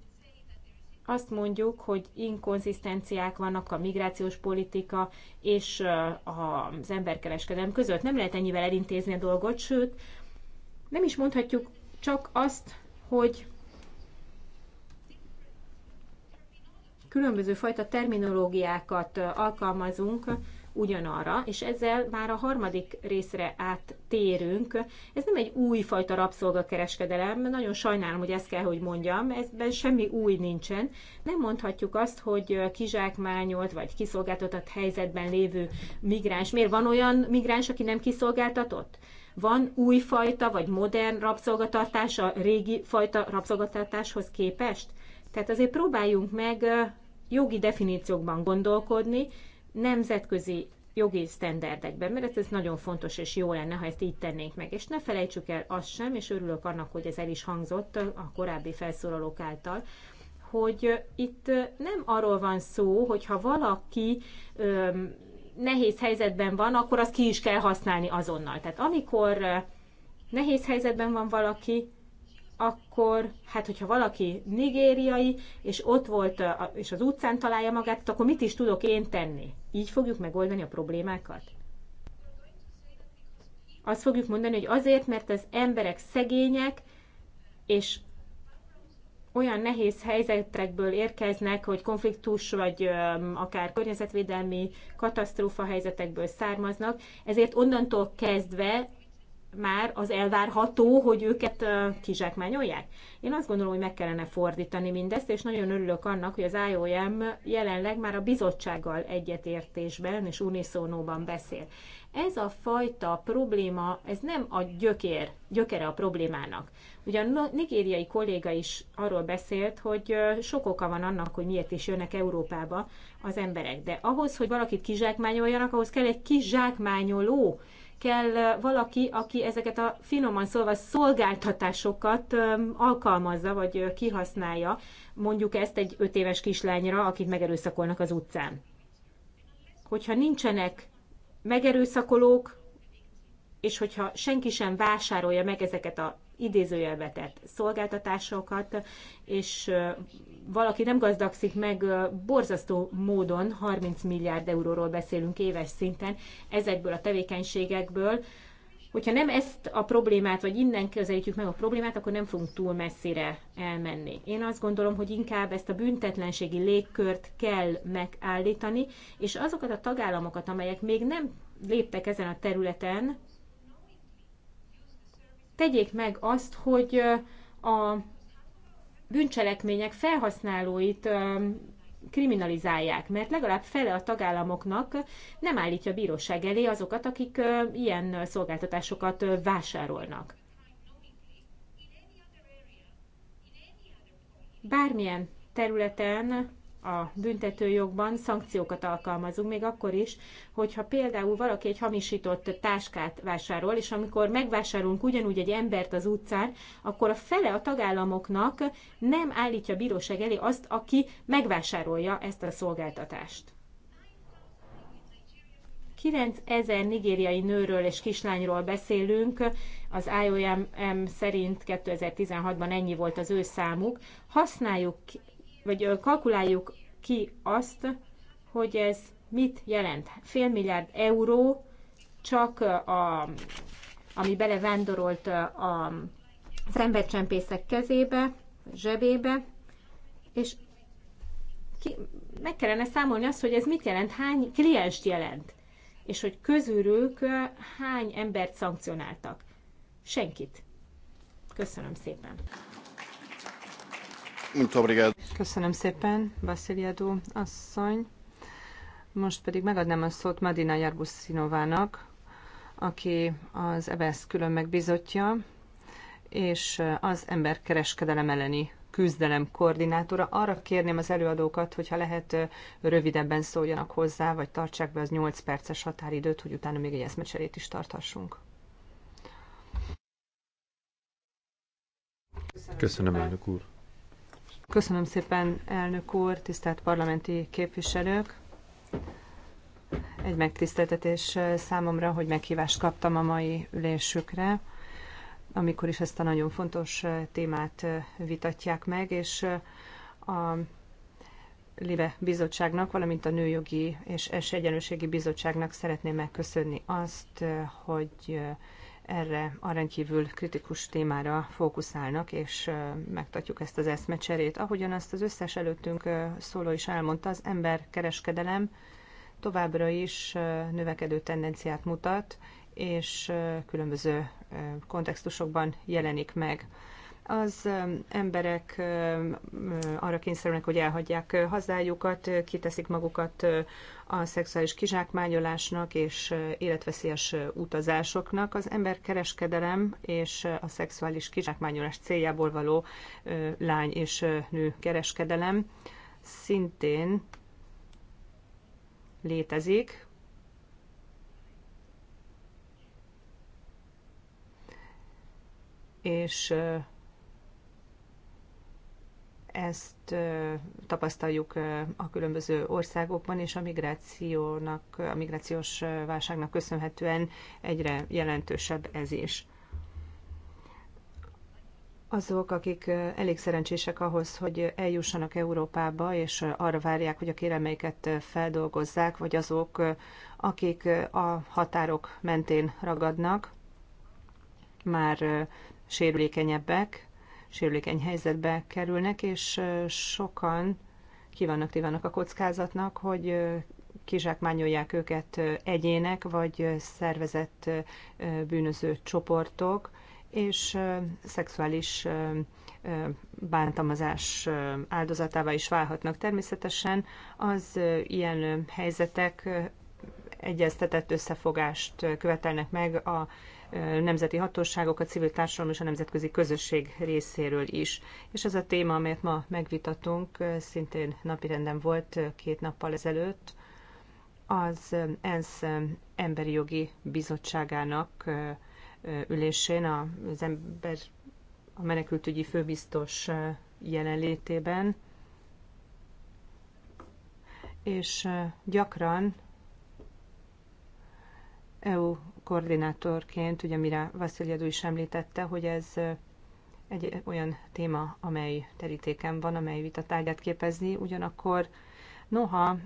azt mondjuk, hogy inkonzisztenciák vannak a migrációs politika és az emberkereskedelem között. Nem lehet ennyivel elintézni a dolgot, sőt, nem is mondhatjuk csak azt, hogy különböző fajta terminológiákat alkalmazunk, ugyanarra, és ezzel már a harmadik részre áttérünk. Ez nem egy újfajta rabszolgakereskedelem, nagyon sajnálom, hogy ezt kell, hogy mondjam, ezben semmi új nincsen. Nem mondhatjuk azt, hogy kizsákmányolt vagy kiszolgáltatott helyzetben lévő migráns. Miért van olyan migráns, aki nem kiszolgáltatott? Van újfajta vagy modern rabszolgatartás a régi fajta rabszolgatartáshoz képest? Tehát azért próbáljunk meg jogi definíciókban gondolkodni, nemzetközi jogi sztenderdekben, mert ez nagyon fontos és jó lenne, ha ezt így tennénk meg. És ne felejtsük el azt sem, és örülök annak, hogy ez el is hangzott a korábbi felszólalók által, hogy itt nem arról van szó, hogy ha valaki öm, nehéz helyzetben van, akkor azt ki is kell használni azonnal. Tehát amikor nehéz helyzetben van valaki, akkor, hát hogyha valaki nigériai, és ott volt, és az utcán találja magát, akkor mit is tudok én tenni? Így fogjuk megoldani a problémákat? Azt fogjuk mondani, hogy azért, mert az emberek szegények, és olyan nehéz helyzetekből érkeznek, hogy konfliktus vagy akár környezetvédelmi katasztrófa helyzetekből származnak, ezért onnantól kezdve már az elvárható, hogy őket kizsákmányolják. Én azt gondolom, hogy meg kellene fordítani mindezt, és nagyon örülök annak, hogy az IOM jelenleg már a bizottsággal egyetértésben és uniszónóban beszél. Ez a fajta probléma, ez nem a gyökér, gyökere a problémának. Ugyan a nigériai kolléga is arról beszélt, hogy sok oka van annak, hogy miért is jönnek Európába az emberek. De ahhoz, hogy valakit kizsákmányoljanak, ahhoz kell egy kizsákmányoló kell valaki, aki ezeket a finoman szólva szolgáltatásokat alkalmazza, vagy kihasználja, mondjuk ezt egy öt éves kislányra, akit megerőszakolnak az utcán. Hogyha nincsenek megerőszakolók, és hogyha senki sem vásárolja meg ezeket a idézőjelvetett szolgáltatásokat, és valaki nem gazdagszik meg borzasztó módon, 30 milliárd euróról beszélünk éves szinten, ezekből a tevékenységekből, hogyha nem ezt a problémát, vagy innen közelítjük meg a problémát, akkor nem fogunk túl messzire elmenni. Én azt gondolom, hogy inkább ezt a büntetlenségi légkört kell megállítani, és azokat a tagállamokat, amelyek még nem léptek ezen a területen, tegyék meg azt, hogy a bűncselekmények felhasználóit kriminalizálják, mert legalább fele a tagállamoknak nem állítja bíróság elé azokat, akik ilyen szolgáltatásokat vásárolnak. Bármilyen területen a büntetőjogban szankciókat alkalmazunk, még akkor is, hogyha például valaki egy hamisított táskát vásárol, és amikor megvásárolunk ugyanúgy egy embert az utcán, akkor a fele a tagállamoknak nem állítja a bíróság elé azt, aki megvásárolja ezt a szolgáltatást. 9000 nigériai nőről és kislányról beszélünk, az IOM szerint 2016-ban ennyi volt az ő számuk. Használjuk vagy kalkuláljuk ki azt, hogy ez mit jelent. Fél milliárd euró csak a, ami belevándorolt a az embercsempészek kezébe, zsebébe, és ki, meg kellene számolni azt, hogy ez mit jelent, hány klienst jelent, és hogy közülük hány embert szankcionáltak. Senkit. Köszönöm szépen. Muito obrigado. Köszönöm szépen, Vassziliadó asszony. Most pedig megadnám a szót Madina Jarbuszinovának, aki az EBSZ e külön megbizotja, és az emberkereskedelem elleni küzdelem koordinátora. Arra kérném az előadókat, hogyha lehet rövidebben szóljanak hozzá, vagy tartsák be az 8 perces határidőt, hogy utána még egy eszmecserét is tarthassunk. Köszönöm, Köszönöm elnök úr. Köszönöm szépen, elnök úr, tisztelt parlamenti képviselők! Egy megtiszteltetés eh, számomra, hogy meghívást kaptam a mai ülésükre, amikor is ezt a nagyon fontos eh, témát eh, vitatják meg, és a Libe Bizottságnak, valamint a Nőjogi és Esélyegyenlőségi Bizottságnak szeretném megköszönni azt, hogy erre a rendkívül kritikus témára fókuszálnak, és megtartjuk ezt az eszmecserét. Ahogyan azt az összes előttünk szóló is elmondta, az emberkereskedelem továbbra is növekedő tendenciát mutat, és különböző kontextusokban jelenik meg az emberek arra kényszerülnek, hogy elhagyják hazájukat, kiteszik magukat a szexuális kizsákmányolásnak és életveszélyes utazásoknak. Az emberkereskedelem és a szexuális kizsákmányolás céljából való lány és nő kereskedelem szintén létezik, és ezt tapasztaljuk a különböző országokban, és a migrációnak, a migrációs válságnak köszönhetően egyre jelentősebb ez is azok, akik elég szerencsések ahhoz, hogy eljussanak Európába, és arra várják, hogy a kérelmeiket feldolgozzák, vagy azok, akik a határok mentén ragadnak, már sérülékenyebbek, sérülékeny helyzetbe kerülnek, és sokan kívánnak tévának a kockázatnak, hogy kizsákmányolják őket egyének vagy szervezett bűnöző csoportok, és szexuális bántalmazás áldozatává is válhatnak. Természetesen az ilyen helyzetek egyeztetett összefogást követelnek meg a nemzeti hatóságok, a civil társadalom és a nemzetközi közösség részéről is. És ez a téma, amelyet ma megvitatunk, szintén napirenden volt két nappal ezelőtt, az ENSZ Emberi Jogi Bizottságának ülésén az ember a menekültügyi főbiztos jelenlétében, és gyakran EU koordinátorként, ugye mire Vasziliadó is említette, hogy ez egy olyan téma, amely terítéken van, amely vitatárgyát képezni, ugyanakkor Noha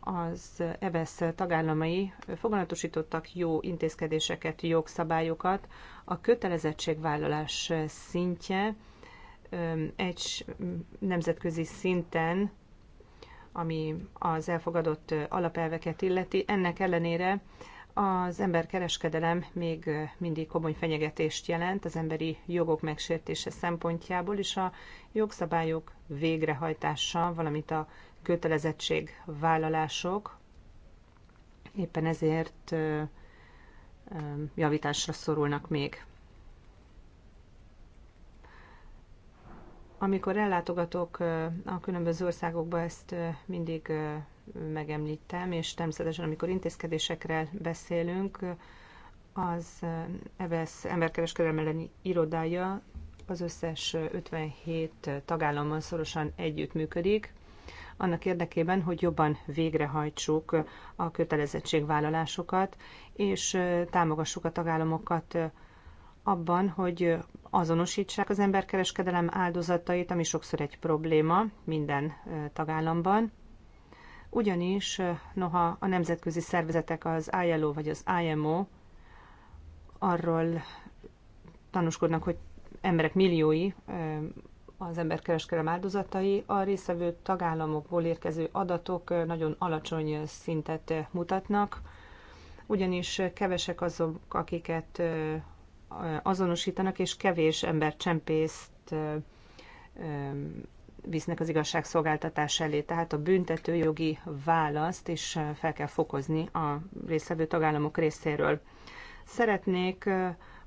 az EBSZ e tagállamai foganatosítottak jó intézkedéseket, jogszabályokat, a kötelezettségvállalás szintje egy nemzetközi szinten, ami az elfogadott alapelveket illeti, ennek ellenére az emberkereskedelem még mindig komoly fenyegetést jelent az emberi jogok megsértése szempontjából, és a jogszabályok végrehajtása, valamint a kötelezettségvállalások éppen ezért javításra szorulnak még. Amikor ellátogatok a különböző országokba, ezt mindig megemlítem, és természetesen amikor intézkedésekről beszélünk, az EBSZ emberkereskedelem elleni irodája az összes 57 tagállammal szorosan együttműködik, annak érdekében, hogy jobban végrehajtsuk a kötelezettségvállalásokat, és támogassuk a tagállamokat abban, hogy azonosítsák az emberkereskedelem áldozatait, ami sokszor egy probléma minden tagállamban, ugyanis noha a nemzetközi szervezetek az ILO vagy az IMO arról tanúskodnak, hogy emberek milliói az emberkereskedelem áldozatai, a részvevő tagállamokból érkező adatok nagyon alacsony szintet mutatnak, ugyanis kevesek azok, akiket azonosítanak, és kevés embercsempészt visznek az igazságszolgáltatás elé. Tehát a jogi választ is fel kell fokozni a részvevő tagállamok részéről. Szeretnék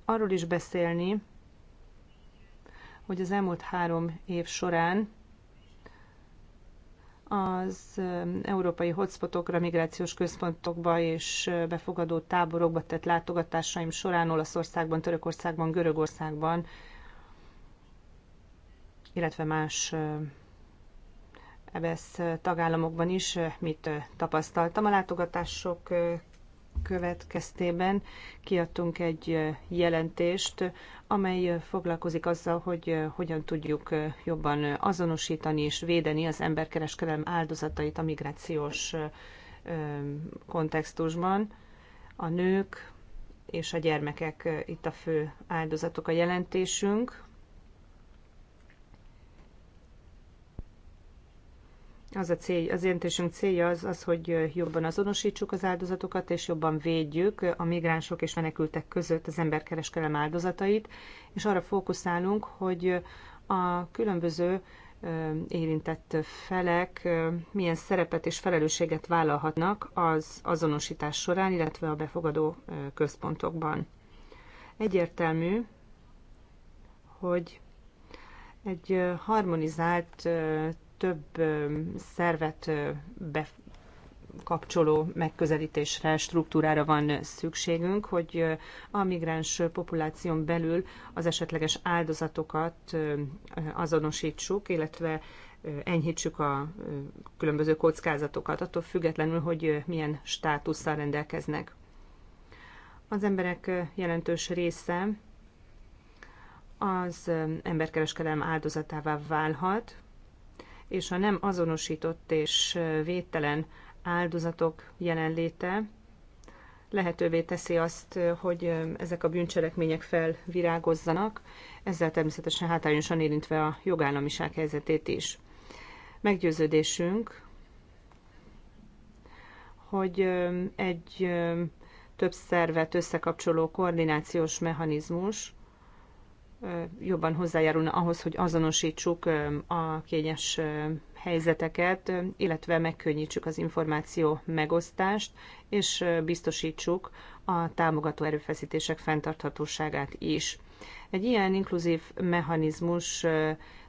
arról is beszélni, hogy az elmúlt három év során az európai hotspotokra, migrációs központokba és befogadó táborokba tett látogatásaim során Olaszországban, Törökországban, Görögországban illetve más EBSZ tagállamokban is mit tapasztaltam. A látogatások következtében kiadtunk egy jelentést, amely foglalkozik azzal, hogy hogyan tudjuk jobban azonosítani és védeni az emberkereskedelem áldozatait a migrációs kontextusban. A nők és a gyermekek itt a fő áldozatok a jelentésünk. Az, a cél, az jelentésünk célja az, az, hogy jobban azonosítsuk az áldozatokat, és jobban védjük a migránsok és menekültek között az emberkereskedelem áldozatait, és arra fókuszálunk, hogy a különböző érintett felek milyen szerepet és felelősséget vállalhatnak az azonosítás során, illetve a befogadó központokban. Egyértelmű, hogy egy harmonizált több szervet bekapcsoló megközelítésre, struktúrára van szükségünk, hogy a migráns populáción belül az esetleges áldozatokat azonosítsuk, illetve enyhítsük a különböző kockázatokat, attól függetlenül, hogy milyen státusszal rendelkeznek. Az emberek jelentős része az emberkereskedelem áldozatává válhat, és a nem azonosított és védtelen áldozatok jelenléte lehetővé teszi azt, hogy ezek a bűncselekmények felvirágozzanak, ezzel természetesen hátrányosan érintve a jogállamiság helyzetét is. Meggyőződésünk, hogy egy több szervet összekapcsoló koordinációs mechanizmus jobban hozzájárulna ahhoz, hogy azonosítsuk a kényes helyzeteket, illetve megkönnyítsük az információ megosztást, és biztosítsuk a támogató erőfeszítések fenntarthatóságát is. Egy ilyen inkluzív mechanizmus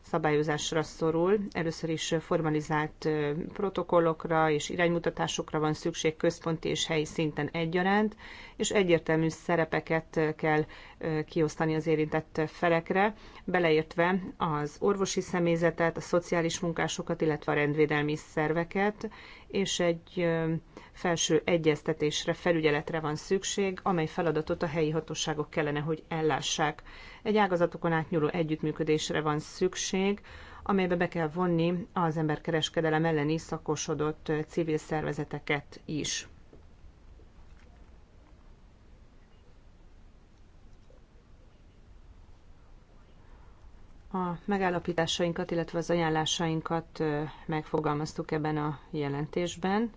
szabályozásra szorul. Először is formalizált protokollokra és iránymutatásokra van szükség központi és helyi szinten egyaránt, és egyértelmű szerepeket kell kiosztani az érintett felekre, beleértve az orvosi személyzetet, a szociális munkásokat, illetve a rendvédelmi szerveket, és egy felső egyeztetésre, felügyeletre van szükség, amely feladatot a helyi hatóságok kellene, hogy ellássák. Egy ágazatokon átnyúló együttműködésre van szükség, amelybe be kell vonni az emberkereskedelem elleni szakosodott civil szervezeteket is. a megállapításainkat, illetve az ajánlásainkat megfogalmaztuk ebben a jelentésben,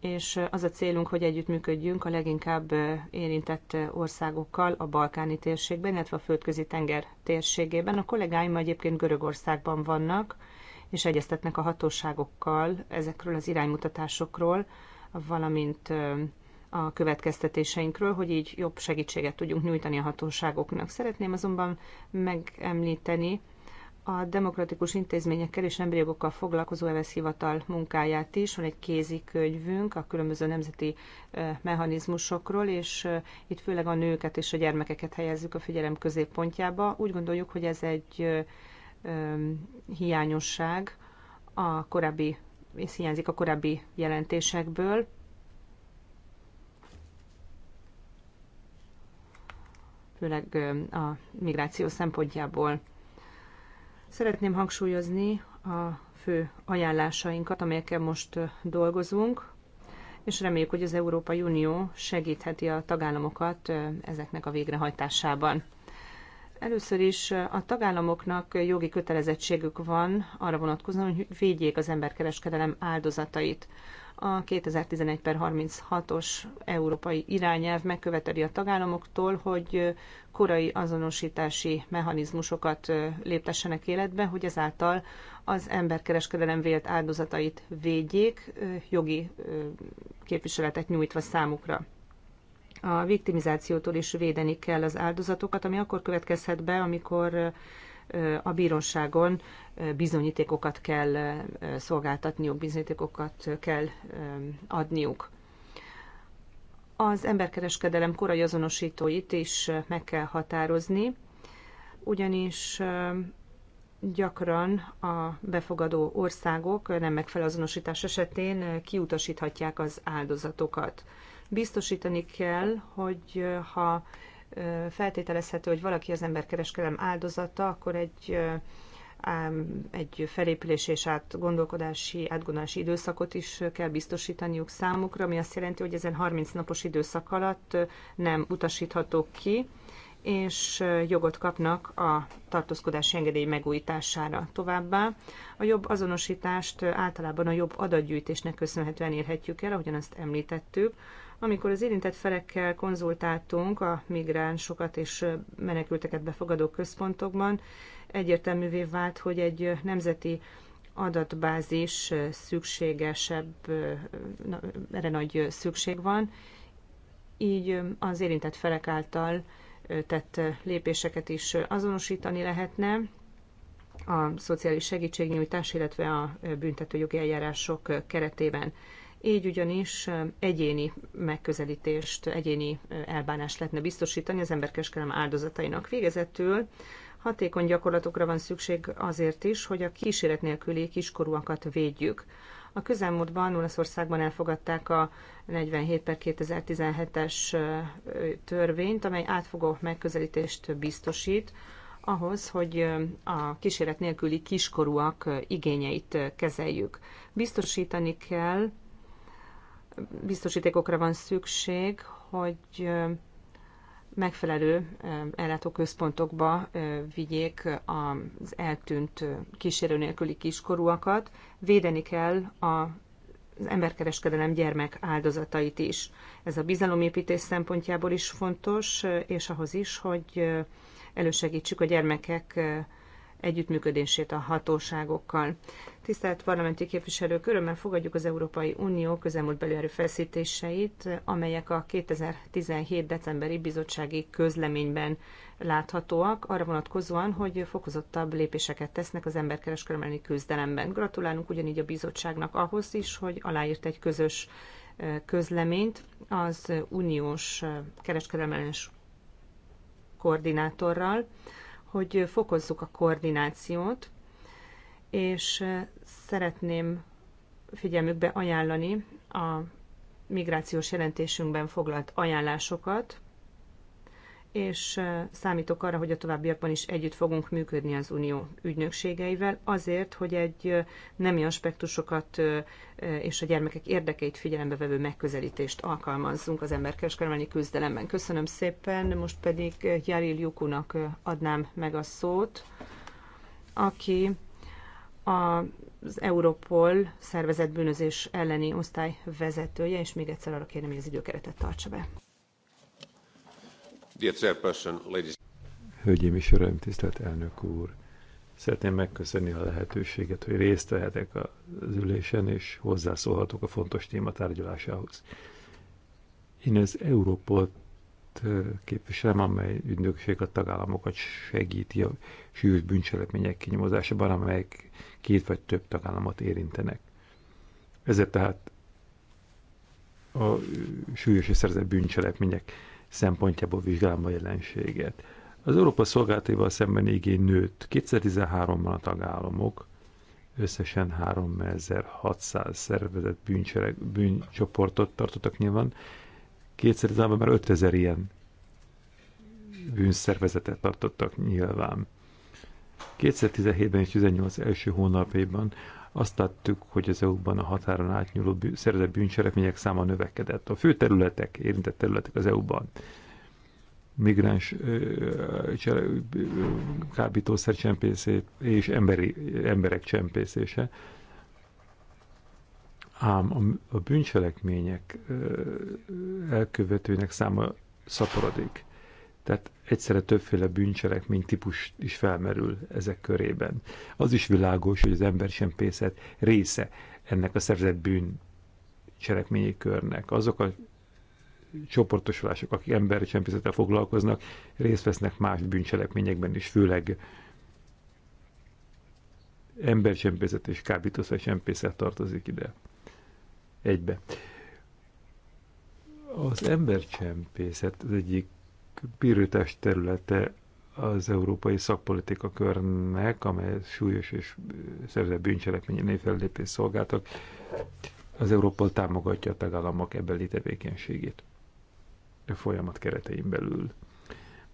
és az a célunk, hogy együttműködjünk a leginkább érintett országokkal a balkáni térségben, illetve a földközi tenger térségében. A kollégáim egyébként Görögországban vannak, és egyeztetnek a hatóságokkal ezekről az iránymutatásokról, valamint a következtetéseinkről, hogy így jobb segítséget tudjunk nyújtani a hatóságoknak. Szeretném azonban megemlíteni a demokratikus intézményekkel és emberi jogokkal foglalkozó EVESZ hivatal munkáját is. Van egy kézikönyvünk a különböző nemzeti mechanizmusokról, és itt főleg a nőket és a gyermekeket helyezzük a figyelem középpontjába. Úgy gondoljuk, hogy ez egy hiányosság a korábbi, és hiányzik a korábbi jelentésekből, főleg a migráció szempontjából. Szeretném hangsúlyozni a fő ajánlásainkat, amelyekkel most dolgozunk, és reméljük, hogy az Európai Unió segítheti a tagállamokat ezeknek a végrehajtásában. Először is a tagállamoknak jogi kötelezettségük van arra vonatkozóan, hogy védjék az emberkereskedelem áldozatait a 2011 per 36-os európai irányelv megköveteli a tagállamoktól, hogy korai azonosítási mechanizmusokat léptessenek életbe, hogy ezáltal az emberkereskedelem vélt áldozatait védjék, jogi képviseletet nyújtva számukra. A viktimizációtól is védeni kell az áldozatokat, ami akkor következhet be, amikor a bíróságon bizonyítékokat kell szolgáltatniuk, bizonyítékokat kell adniuk. Az emberkereskedelem korai azonosítóit is meg kell határozni, ugyanis gyakran a befogadó országok nem megfelelő azonosítás esetén kiutasíthatják az áldozatokat. Biztosítani kell, hogy ha feltételezhető, hogy valaki az emberkereskedelem áldozata, akkor egy egy felépülés és átgondolkodási, átgondolási időszakot is kell biztosítaniuk számukra, ami azt jelenti, hogy ezen 30 napos időszak alatt nem utasíthatók ki, és jogot kapnak a tartózkodási engedély megújítására. Továbbá a jobb azonosítást általában a jobb adatgyűjtésnek köszönhetően érhetjük el, ahogyan azt említettük, amikor az érintett felekkel konzultáltunk a migránsokat és menekülteket befogadó központokban, egyértelművé vált, hogy egy nemzeti adatbázis szükségesebb, erre nagy szükség van, így az érintett felek által tett lépéseket is azonosítani lehetne, a szociális segítségnyújtás, illetve a büntetőjogi eljárások keretében. Így ugyanis egyéni megközelítést, egyéni elbánást lehetne biztosítani az emberkeskedelem áldozatainak. Végezetül hatékony gyakorlatokra van szükség azért is, hogy a kíséret nélküli kiskorúakat védjük. A közelmúltban Olaszországban elfogadták a 47 per 2017-es törvényt, amely átfogó megközelítést biztosít ahhoz, hogy a kíséret nélküli kiskorúak igényeit kezeljük. Biztosítani kell biztosítékokra van szükség, hogy megfelelő ellátóközpontokba vigyék az eltűnt kísérő nélküli kiskorúakat. Védeni kell a az emberkereskedelem gyermek áldozatait is. Ez a bizalomépítés szempontjából is fontos, és ahhoz is, hogy elősegítsük a gyermekek együttműködését a hatóságokkal. Tisztelt parlamenti képviselők, örömmel fogadjuk az Európai Unió közelmúltbeli feszítéseit, amelyek a 2017. decemberi bizottsági közleményben láthatóak, arra vonatkozóan, hogy fokozottabb lépéseket tesznek az emberkereskedelmi küzdelemben. Gratulálunk ugyanígy a bizottságnak ahhoz is, hogy aláírt egy közös közleményt az uniós kereskedelmes koordinátorral, hogy fokozzuk a koordinációt, és szeretném figyelmükbe ajánlani a migrációs jelentésünkben foglalt ajánlásokat, és számítok arra, hogy a továbbiakban is együtt fogunk működni az unió ügynökségeivel, azért, hogy egy nemi aspektusokat és a gyermekek érdekeit figyelembe vevő megközelítést alkalmazzunk az emberkereskedelmi küzdelemben. Köszönöm szépen, most pedig Jaril Jukunak adnám meg a szót, aki az Europol szervezett bűnözés elleni osztály vezetője, és még egyszer arra kérem, hogy az időkeretet tartsa be. Hölgyeim és Uraim, tisztelt elnök úr! Szeretném megköszönni a lehetőséget, hogy részt vehetek az ülésen, és hozzászólhatok a fontos téma tárgyalásához. Én az Európolt képviselem, amely ügynökség a tagállamokat segíti a súlyos bűncselekmények kinyomozásában, amelyek két vagy több tagállamot érintenek. Ezért tehát a súlyos és szerzett bűncselekmények szempontjából vizsgálom a jelenséget. Az Európa szolgálatéval szemben igény nőtt. 2013-ban a tagállamok összesen 3600 szervezet bűncselek, bűncsoportot tartottak nyilván. 2013-ban már 5000 ilyen bűnszervezetet tartottak nyilván. 2017-ben és 2018 első hónapjában azt láttuk, hogy az EU-ban a határon átnyúló bű, szerzett bűncselekmények száma növekedett. A fő területek, érintett területek az EU-ban migráns kábítószer csempészét és emberi, emberek csempészése. Ám a, a bűncselekmények elkövetőinek száma szaporodik. Tehát egyszerre többféle bűncselekmény típus is felmerül ezek körében. Az is világos, hogy az embersempészet része ennek a szerzett bűn cselekményi körnek. Azok a csoportosulások, akik embercsempészettel foglalkoznak, részt vesznek más bűncselekményekben is, főleg embercsempészet és kábítószer csempészet tartozik ide. Egybe. Az embercsempészet az egyik pirítás területe az európai szakpolitika körnek, amely súlyos és szerzett bűncselekmény névfellépés szolgáltak, az Európol támogatja a tagállamok ebbeli tevékenységét a folyamat keretein belül.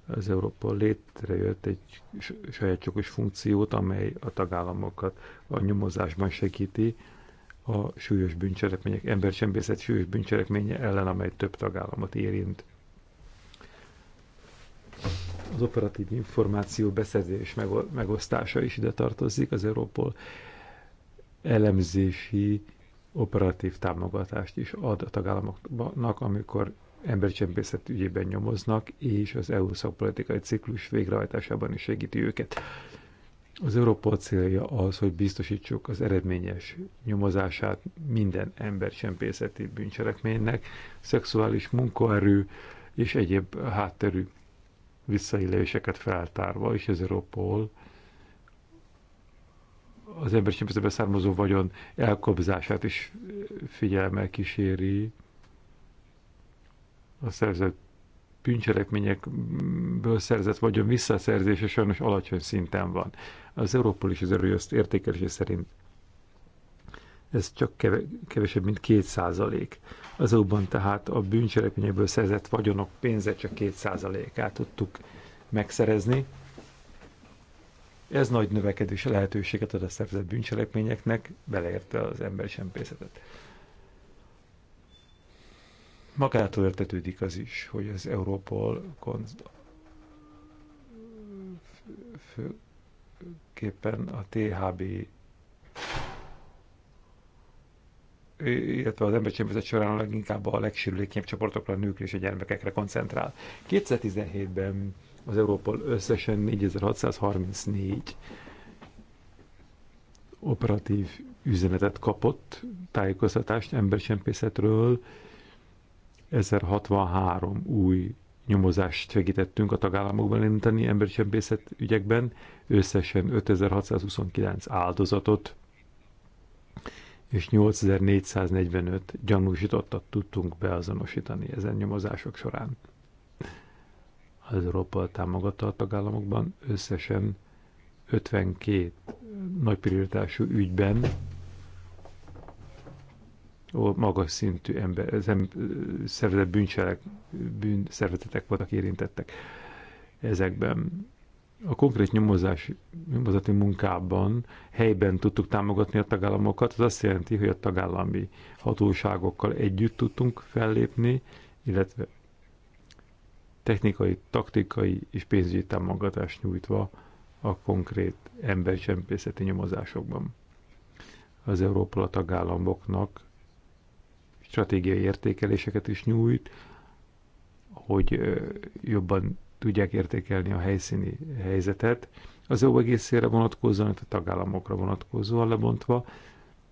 Az Európa létrejött egy saját csokos funkciót, amely a tagállamokat a nyomozásban segíti, a súlyos bűncselekmények, embercsempészet súlyos bűncselekménye ellen, amely több tagállamot érint az operatív információ beszerzés megosztása is ide tartozik, az Európol elemzési operatív támogatást is ad a tagállamoknak, amikor embercsempészet ügyében nyomoznak, és az EU szakpolitikai ciklus végrehajtásában is segíti őket. Az Európa célja az, hogy biztosítsuk az eredményes nyomozását minden embercsempészeti bűncselekménynek, szexuális munkaerő és egyéb hátterű visszaéléseket feltárva, és az Europol az ember csempészetben származó vagyon elkobzását is figyelme kíséri. A szerzett bűncselekményekből szerzett vagyon visszaszerzése sajnos alacsony szinten van. Az Európol és az erőjözt értékelése szerint ez csak kevesebb, mint 2 százalék. azóban tehát a bűncselekményekből szerzett vagyonok pénze csak 2 százalékát tudtuk megszerezni. Ez nagy növekedés lehetőséget ad a szervezett bűncselekményeknek, beleértve az emberi sempészetet. Magától értetődik az is, hogy az Európol főképpen a THB illetve az embercsempészet során leginkább a legsérülékenyebb csoportokra, a nőkre és a gyermekekre koncentrál. 2017-ben az Európol összesen 4634 operatív üzenetet kapott, tájékoztatást embercsempészetről, 1063 új nyomozást segítettünk a tagállamokban elindítani embercsempészet ügyekben, összesen 5629 áldozatot és 8445 gyanúsítottat tudtunk beazonosítani ezen nyomozások során. Az Európa támogatta a tagállamokban összesen 52 nagy prioritású ügyben magas szintű ember, szervezett bűncselek, szervezetek voltak érintettek ezekben a konkrét nyomozás, nyomozati munkában helyben tudtuk támogatni a tagállamokat. az azt jelenti, hogy a tagállami hatóságokkal együtt tudtunk fellépni, illetve technikai, taktikai és pénzügyi támogatást nyújtva a konkrét embercsempészeti nyomozásokban. Az Európa a tagállamoknak stratégiai értékeléseket is nyújt, hogy jobban tudják értékelni a helyszíni helyzetet, az EU egészére vonatkozóan, a tagállamokra vonatkozóan lebontva,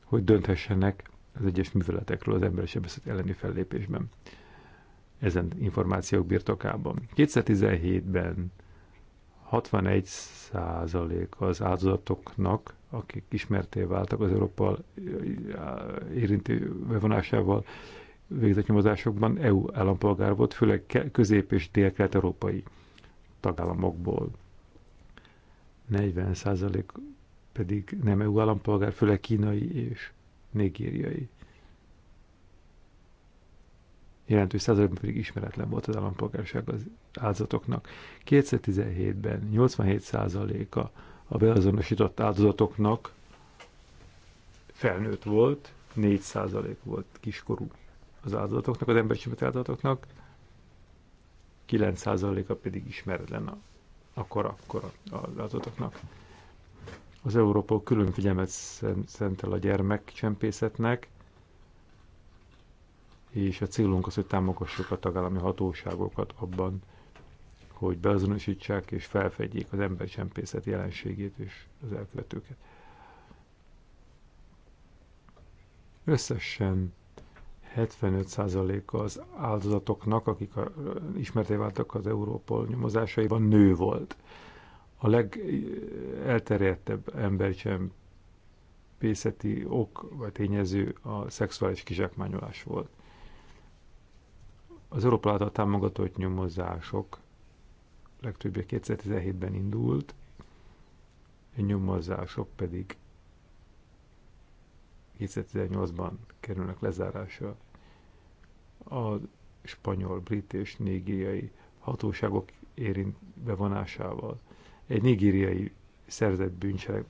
hogy dönthessenek az egyes műveletekről az emberisebeszéd elleni fellépésben ezen információk birtokában. 2017-ben 61 százalék az áldozatoknak, akik ismerté váltak az Európa érintő bevonásával végzett nyomozásokban, EU állampolgár volt, főleg közép- és dél-kelet-európai tagállamokból. 40% százalék pedig nem EU állampolgár, főleg kínai és nigériai. Jelentős százalékban pedig ismeretlen volt az állampolgárság az áldozatoknak. 2017-ben 87 százaléka a beazonosított áldozatoknak felnőtt volt, 4 százalék volt kiskorú az áldozatoknak, az emberi áldozatoknak, 9%-a pedig ismeretlen a, kora, kora az adatoknak. Az Európa külön figyelmet szentel a gyermekcsempészetnek, és a célunk az, hogy támogassuk a tagállami hatóságokat abban, hogy beazonosítsák és felfedjék az embercsempészet jelenségét és az elkövetőket. Összesen 75%-a az áldozatoknak, akik a, ismerté váltak az Európol nyomozásaiban, nő volt. A legelterjedtebb embercsempészeti ok vagy tényező a szexuális kizsákmányolás volt. Az Európa által támogatott nyomozások legtöbbje 2017-ben indult, A nyomozások pedig 2018-ban kerülnek lezárásra. A spanyol, brit és nigériai hatóságok érint bevonásával egy nigériai szerzett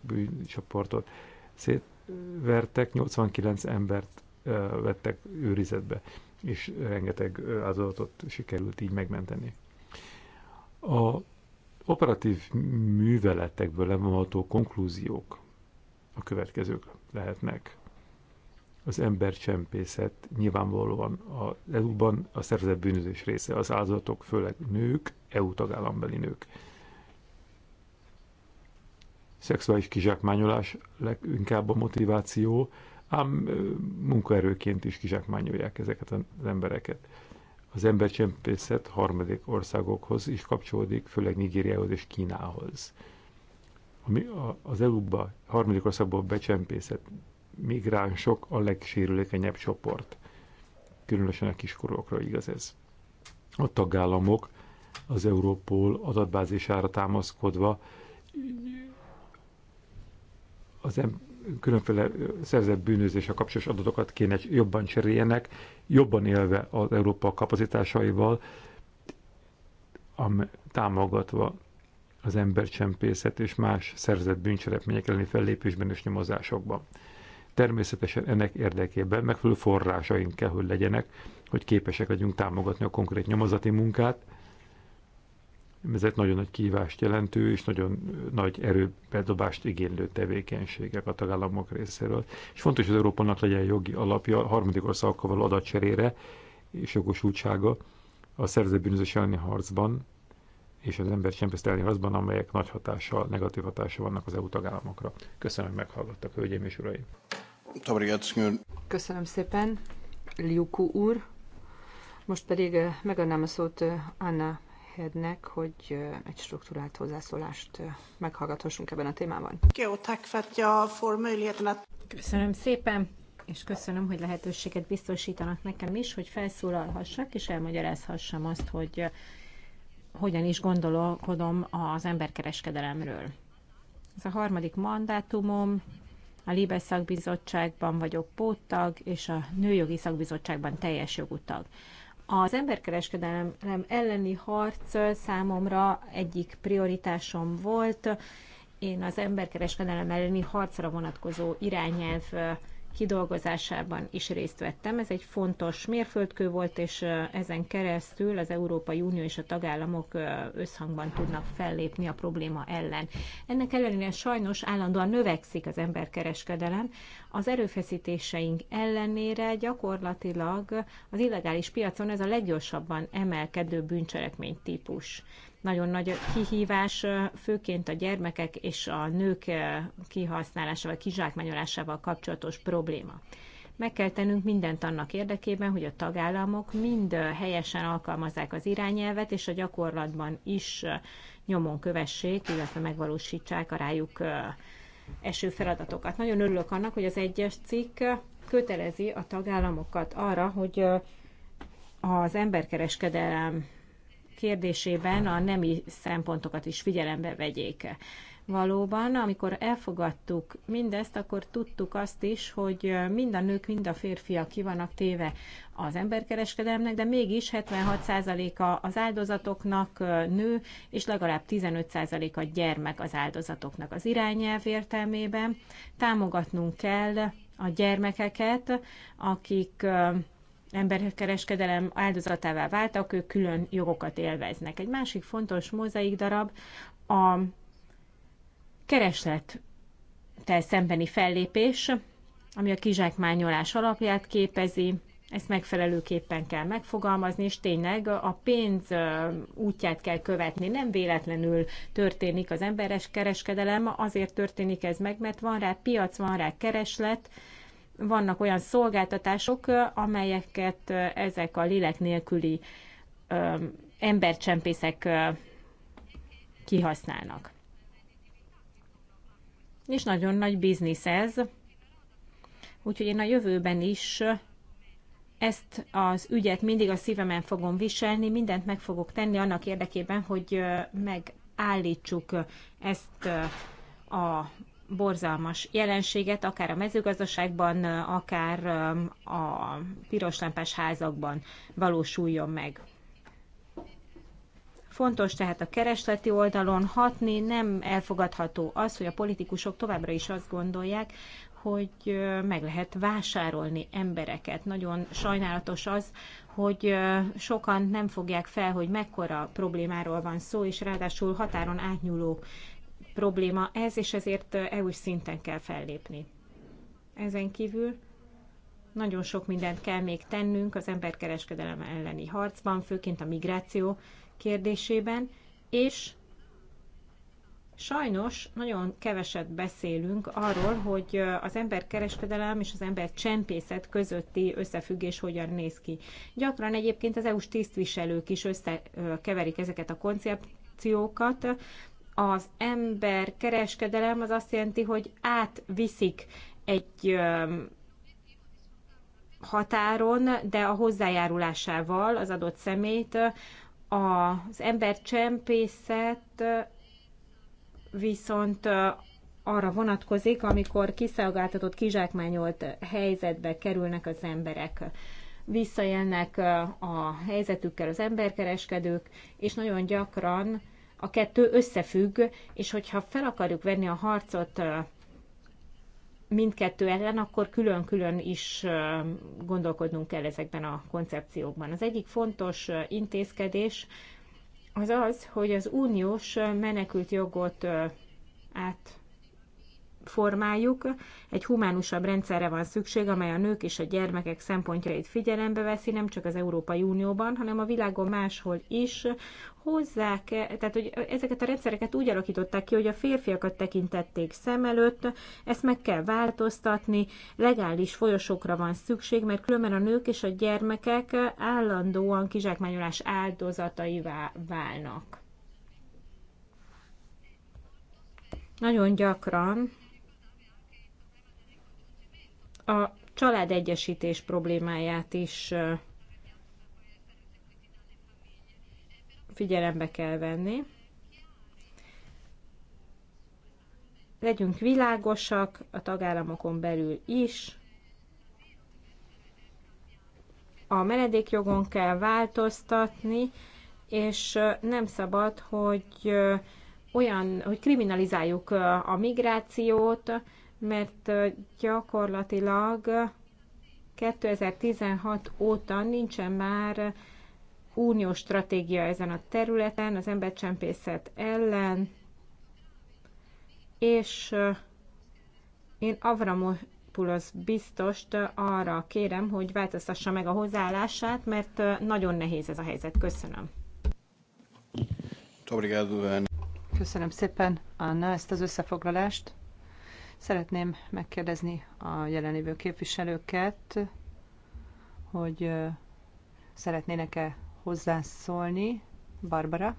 bűncsoportot szétvertek, 89 embert vettek őrizetbe, és rengeteg áldozatot sikerült így megmenteni. A operatív műveletekből levonható konklúziók a következők lehetnek az embercsempészet nyilvánvalóan az EU-ban a szervezett bűnözés része, az áldozatok főleg nők, EU tagállambeli nők. Szexuális kizsákmányolás leginkább a motiváció, ám munkaerőként is kizsákmányolják ezeket az embereket. Az embercsempészet harmadik országokhoz is kapcsolódik, főleg Nigériához és Kínához. Ami az EU-ba harmadik országból becsempészett migránsok a legsérülékenyebb csoport. Különösen a kiskorokra igaz ez. A tagállamok az Európol adatbázisára támaszkodva az különféle szerzett bűnözése kapcsolatos adatokat kéne jobban cseréljenek, jobban élve az Európa kapacitásaival, am, támogatva az embercsempészet és más szerzett bűncselekmények elleni fellépésben és nyomozásokban. Természetesen ennek érdekében megfelelő forrásaink kell, hogy legyenek, hogy képesek legyünk támogatni a konkrét nyomozati munkát. Ez egy nagyon nagy kívást jelentő és nagyon nagy erőbedobást igénylő tevékenységek a tagállamok részéről. És fontos, hogy az Európának legyen jogi alapja a harmadik országokkal való adatcserére és jogosultsága a szerzőbűnözés elleni harcban és az sem elleni harcban, amelyek nagy hatással, negatív hatással vannak az EU tagállamokra. Köszönöm, hogy meghallgattak, hölgyeim és uraim! Köszönöm szépen, Liuku úr. Most pedig eh, megadnám a szót eh, Anna Hednek, hogy eh, egy struktúrált hozzászólást meghallgathassunk ebben a témában. Köszönöm szépen, és köszönöm, hogy lehetőséget biztosítanak nekem is, hogy felszólalhassak, és elmagyarázhassam azt, hogy hogyan is gondolkodom az emberkereskedelemről. Ez a harmadik mandátumom, a Libe szakbizottságban vagyok póttag, és a Nőjogi szakbizottságban teljes jogú tag. Az emberkereskedelem elleni harc számomra egyik prioritásom volt. Én az emberkereskedelem elleni harcra vonatkozó irányelv kidolgozásában is részt vettem. Ez egy fontos mérföldkő volt, és ezen keresztül az Európai Unió és a tagállamok összhangban tudnak fellépni a probléma ellen. Ennek ellenére sajnos állandóan növekszik az emberkereskedelem. Az erőfeszítéseink ellenére gyakorlatilag az illegális piacon ez a leggyorsabban emelkedő bűncselekmény típus nagyon nagy kihívás, főként a gyermekek és a nők kihasználásával, kizsákmányolásával kapcsolatos probléma. Meg kell tennünk mindent annak érdekében, hogy a tagállamok mind helyesen alkalmazzák az irányelvet, és a gyakorlatban is nyomon kövessék, illetve megvalósítsák a rájuk eső feladatokat. Nagyon örülök annak, hogy az egyes cikk kötelezi a tagállamokat arra, hogy az emberkereskedelem kérdésében a nemi szempontokat is figyelembe vegyék. Valóban, amikor elfogadtuk mindezt, akkor tudtuk azt is, hogy mind a nők, mind a férfiak ki vannak téve az emberkereskedelmnek, de mégis 76%-a az áldozatoknak nő, és legalább 15%-a gyermek az áldozatoknak. Az irányelv értelmében támogatnunk kell a gyermekeket, akik emberkereskedelem áldozatává váltak, ők külön jogokat élveznek. Egy másik fontos mozaik darab a kereslettel szembeni fellépés, ami a kizsákmányolás alapját képezi, ezt megfelelőképpen kell megfogalmazni, és tényleg a pénz útját kell követni. Nem véletlenül történik az emberes kereskedelem, azért történik ez meg, mert van rá piac, van rá kereslet, vannak olyan szolgáltatások, amelyeket ezek a lélek nélküli embercsempészek kihasználnak. És nagyon nagy biznisz ez. Úgyhogy én a jövőben is ezt az ügyet mindig a szívemen fogom viselni, mindent meg fogok tenni annak érdekében, hogy megállítsuk ezt a borzalmas jelenséget, akár a mezőgazdaságban, akár um, a piroslámpás házakban valósuljon meg. Fontos tehát a keresleti oldalon hatni, nem elfogadható az, hogy a politikusok továbbra is azt gondolják, hogy meg lehet vásárolni embereket. Nagyon sajnálatos az, hogy sokan nem fogják fel, hogy mekkora problémáról van szó, és ráadásul határon átnyúló probléma ez, és ezért EU-s szinten kell fellépni. Ezen kívül nagyon sok mindent kell még tennünk az emberkereskedelem elleni harcban, főként a migráció kérdésében, és sajnos nagyon keveset beszélünk arról, hogy az emberkereskedelem és az ember csempészet közötti összefüggés hogyan néz ki. Gyakran egyébként az EU-s tisztviselők is összekeverik ezeket a koncepciókat, az ember kereskedelem az azt jelenti, hogy átviszik egy határon, de a hozzájárulásával az adott szemét az ember csempészet viszont arra vonatkozik, amikor kiszolgáltatott, kizsákmányolt helyzetbe kerülnek az emberek. Visszajönnek a helyzetükkel az emberkereskedők, és nagyon gyakran a kettő összefügg, és hogyha fel akarjuk venni a harcot mindkettő ellen, akkor külön-külön is gondolkodnunk kell ezekben a koncepciókban. Az egyik fontos intézkedés az az, hogy az uniós menekült jogot át formájuk. Egy humánusabb rendszerre van szükség, amely a nők és a gyermekek szempontjait figyelembe veszi, nem csak az Európai Unióban, hanem a világon máshol is. Hozzá kell, tehát hogy ezeket a rendszereket úgy alakították ki, hogy a férfiakat tekintették szem előtt, ezt meg kell változtatni, legális folyosókra van szükség, mert különben a nők és a gyermekek állandóan kizsákmányolás áldozataivá válnak. Nagyon gyakran a családegyesítés problémáját is figyelembe kell venni. Legyünk világosak a tagállamokon belül is. A menedékjogon kell változtatni, és nem szabad, hogy olyan, hogy kriminalizáljuk a migrációt, mert gyakorlatilag 2016 óta nincsen már uniós stratégia ezen a területen, az embercsempészet ellen, és én Avramopoulos biztost arra kérem, hogy változtassa meg a hozzáállását, mert nagyon nehéz ez a helyzet. Köszönöm. Köszönöm szépen, Anna, ezt az összefoglalást. Szeretném megkérdezni a jelenlévő képviselőket, hogy szeretnének-e hozzászólni. Barbara.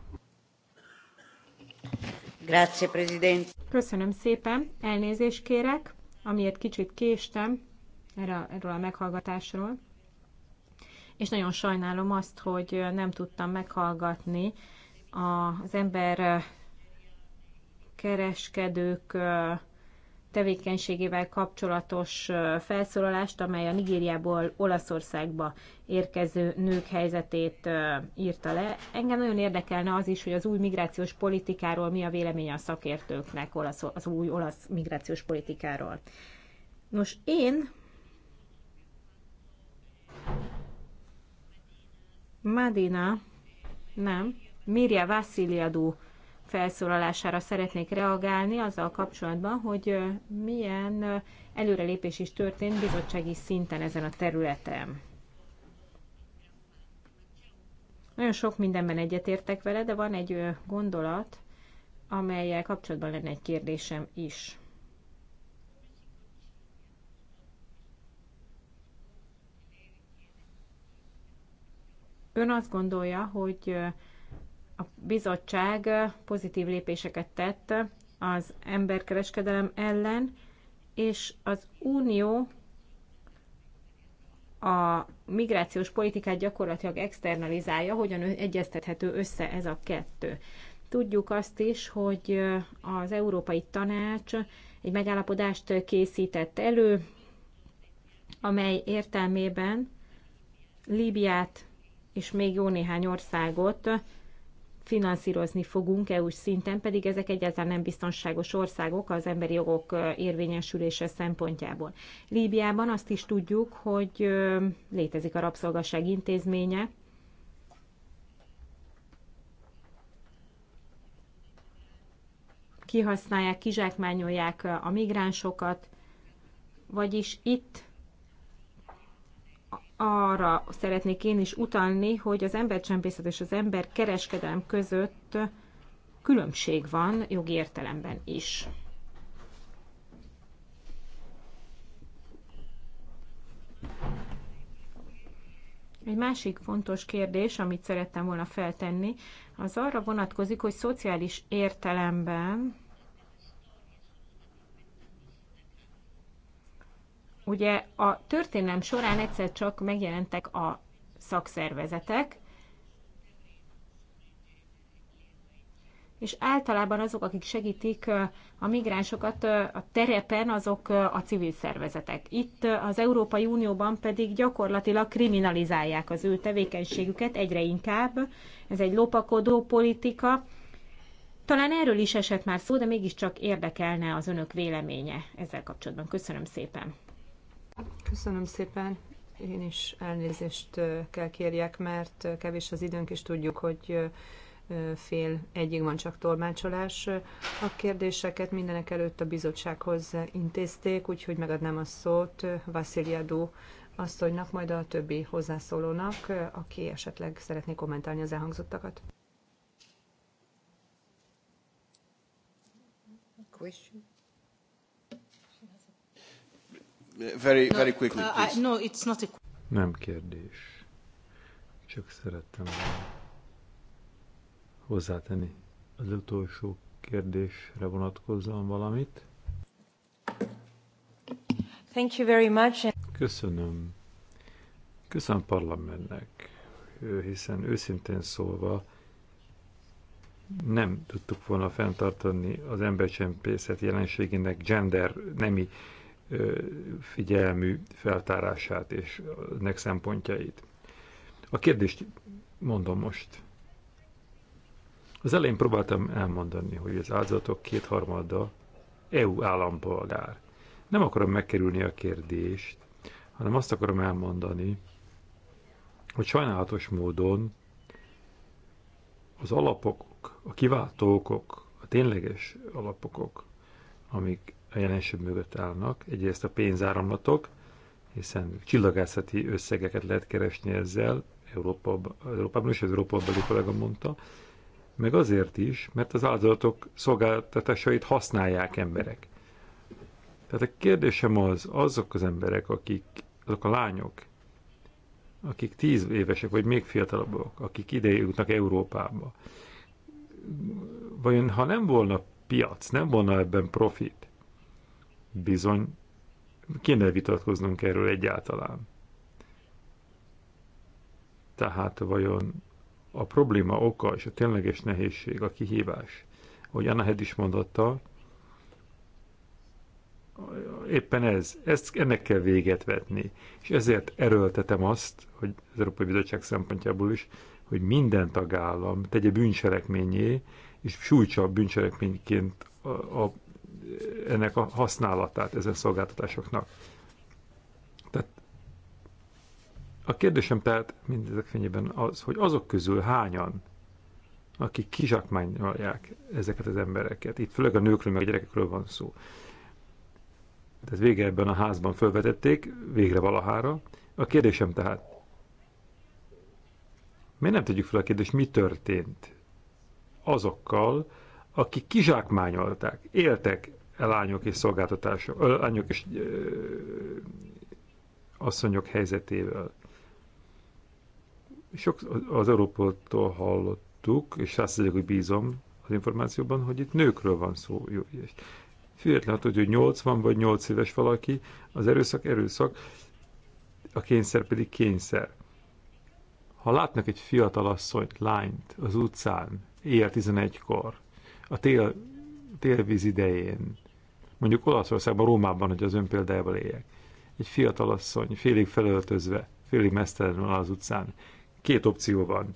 Grazie, President. Köszönöm szépen, elnézést kérek, amiért kicsit késtem erről a meghallgatásról. És nagyon sajnálom azt, hogy nem tudtam meghallgatni az ember kereskedők tevékenységével kapcsolatos felszólalást, amely a Nigériából Olaszországba érkező nők helyzetét írta le. Engem nagyon érdekelne az is, hogy az új migrációs politikáról mi a véleménye a szakértőknek olasz, az új olasz migrációs politikáról. Nos, én Madina, nem, Mirja Vassziliadú felszólalására szeretnék reagálni azzal kapcsolatban, hogy milyen előrelépés is történt bizottsági szinten ezen a területen. Nagyon sok mindenben egyetértek vele, de van egy gondolat, amelyel kapcsolatban lenne egy kérdésem is. Ön azt gondolja, hogy a bizottság pozitív lépéseket tett az emberkereskedelem ellen, és az Unió a migrációs politikát gyakorlatilag externalizálja, hogyan egyeztethető össze ez a kettő. Tudjuk azt is, hogy az Európai Tanács egy megállapodást készített elő, amely értelmében Líbiát és még jó néhány országot finanszírozni fogunk eu szinten, pedig ezek egyáltalán nem biztonságos országok az emberi jogok érvényesülése szempontjából. Líbiában azt is tudjuk, hogy létezik a rabszolgasság intézménye, kihasználják, kizsákmányolják a migránsokat, vagyis itt arra szeretnék én is utalni, hogy az embercsempészet és az kereskedelem között különbség van jogi értelemben is. Egy másik fontos kérdés, amit szerettem volna feltenni, az arra vonatkozik, hogy szociális értelemben Ugye a történelem során egyszer csak megjelentek a szakszervezetek, és általában azok, akik segítik a migránsokat a terepen, azok a civil szervezetek. Itt az Európai Unióban pedig gyakorlatilag kriminalizálják az ő tevékenységüket egyre inkább. Ez egy lopakodó politika. Talán erről is esett már szó, de mégiscsak érdekelne az önök véleménye ezzel kapcsolatban. Köszönöm szépen. Köszönöm szépen. Én is elnézést kell kérjek, mert kevés az időnk, és tudjuk, hogy fél egyig van csak tolmácsolás. A kérdéseket mindenek előtt a bizottsághoz intézték, úgyhogy megadnám a szót Vasziliadó asszonynak, majd a többi hozzászólónak, aki esetleg szeretné kommentálni az elhangzottakat. Question? Very, no, very quickly, uh, no, it's not a... Nem kérdés. Csak szerettem hozzátenni az utolsó kérdésre vonatkozóan valamit. Thank you very much. Köszönöm. Köszönöm parlamentnek, hiszen őszintén szólva nem tudtuk volna fenntartani az embercsempészet jelenségének gender nemi figyelmű feltárását és nek szempontjait. A kérdést mondom most. Az elején próbáltam elmondani, hogy az áldozatok kétharmada EU állampolgár. Nem akarom megkerülni a kérdést, hanem azt akarom elmondani, hogy sajnálatos módon az alapok, a kiváltókok, a tényleges alapokok, amik a jelenség mögött állnak. Egyrészt a pénzáramlatok, hiszen csillagászati összegeket lehet keresni ezzel, Európában, Európában is, az Európában beli kollega mondta, meg azért is, mert az áldozatok szolgáltatásait használják emberek. Tehát a kérdésem az, azok az emberek, akik, azok a lányok, akik tíz évesek, vagy még fiatalabbak, akik ide jutnak Európába, vajon ha nem volna piac, nem volna ebben profit, Bizony, kéne vitatkoznunk erről egyáltalán. Tehát vajon a probléma oka és a tényleges nehézség, a kihívás, ahogy Anna Hed is mondotta, éppen ez, ezt, ennek kell véget vetni. És ezért erőltetem azt, hogy az Európai Bizottság szempontjából is, hogy minden tagállam tegye bűncselekményé, és sújtsa bűncselekményként a, a ennek a használatát ezen szolgáltatásoknak. Tehát a kérdésem tehát mindezek fényében az, hogy azok közül hányan, akik kizsákmányolják ezeket az embereket, itt főleg a nőkről, meg a gyerekekről van szó, tehát végre ebben a házban felvetették, végre valahára. A kérdésem tehát, miért nem tegyük fel a kérdést, mi történt azokkal, akik kizsákmányolták, éltek a e lányok és szolgáltatások, a lányok és ö, asszonyok helyzetével. Sok az Európoltól hallottuk, és mondjuk, hogy bízom az információban, hogy itt nőkről van szó. Jó, és függetlenül hogy 80 vagy 8 éves valaki, az erőszak erőszak, a kényszer pedig kényszer. Ha látnak egy fiatal asszonyt, lányt az utcán, éjjel 11-kor, a tél, télvíz idején, mondjuk Olaszországban, Rómában, hogy az ön példájával éljek, egy fiatal asszony, félig felöltözve, félig mesztelenül az utcán, két opció van.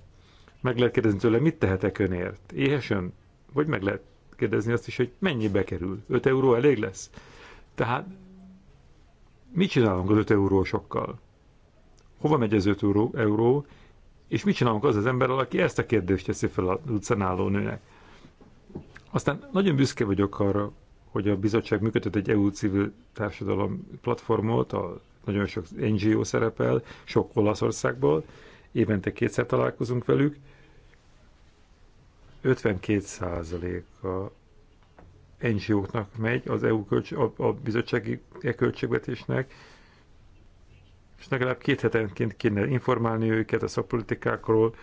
Meg lehet kérdezni tőle, mit tehetek önért? Éhesen? Vagy meg lehet kérdezni azt is, hogy mennyibe kerül? 5 euró elég lesz? Tehát mit csinálunk az 5 eurósokkal? Hova megy az 5 euró, euró? És mit csinálunk az az emberrel, aki ezt a kérdést teszi fel az utcán álló nőnek? Aztán nagyon büszke vagyok arra, hogy a bizottság működött egy EU civil társadalom platformot, a, nagyon sok NGO szerepel, sok Olaszországból, évente kétszer találkozunk velük. 52 a NGO-knak megy az EU kölcs, a, a bizottsági e költségvetésnek, és legalább két hetenként kéne informálni őket a szakpolitikákról,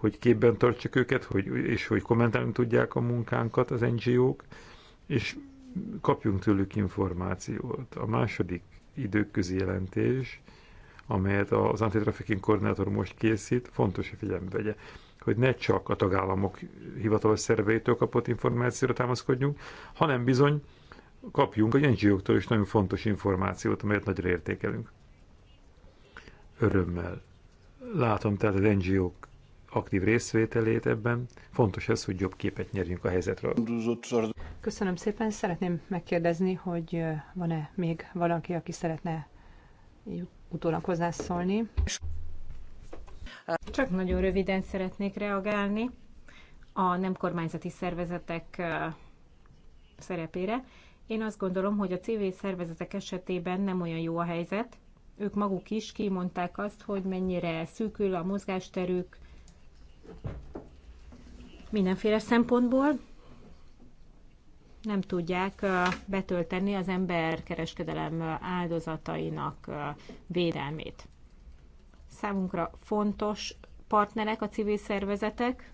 hogy képben tartsak őket, hogy, és hogy kommentálni tudják a munkánkat az NGO-k, és kapjunk tőlük információt. A második időközi jelentés, amelyet az antitrafficking koordinátor most készít, fontos, hogy figyelembe vegye, hogy ne csak a tagállamok hivatalos szerveitől kapott információra támaszkodjunk, hanem bizony kapjunk a NGO-któl is nagyon fontos információt, amelyet nagyra értékelünk. Örömmel látom tehát az NGO-k aktív részvételét ebben. Fontos ez, hogy jobb képet nyerjünk a helyzetről. Köszönöm szépen. Szeretném megkérdezni, hogy van-e még valaki, aki szeretne utólag hozzászólni. Csak nagyon röviden szeretnék reagálni a nem kormányzati szervezetek szerepére. Én azt gondolom, hogy a civil szervezetek esetében nem olyan jó a helyzet. Ők maguk is kimondták azt, hogy mennyire szűkül a mozgásterük, mindenféle szempontból nem tudják betölteni az kereskedelem áldozatainak védelmét. Számunkra fontos partnerek a civil szervezetek,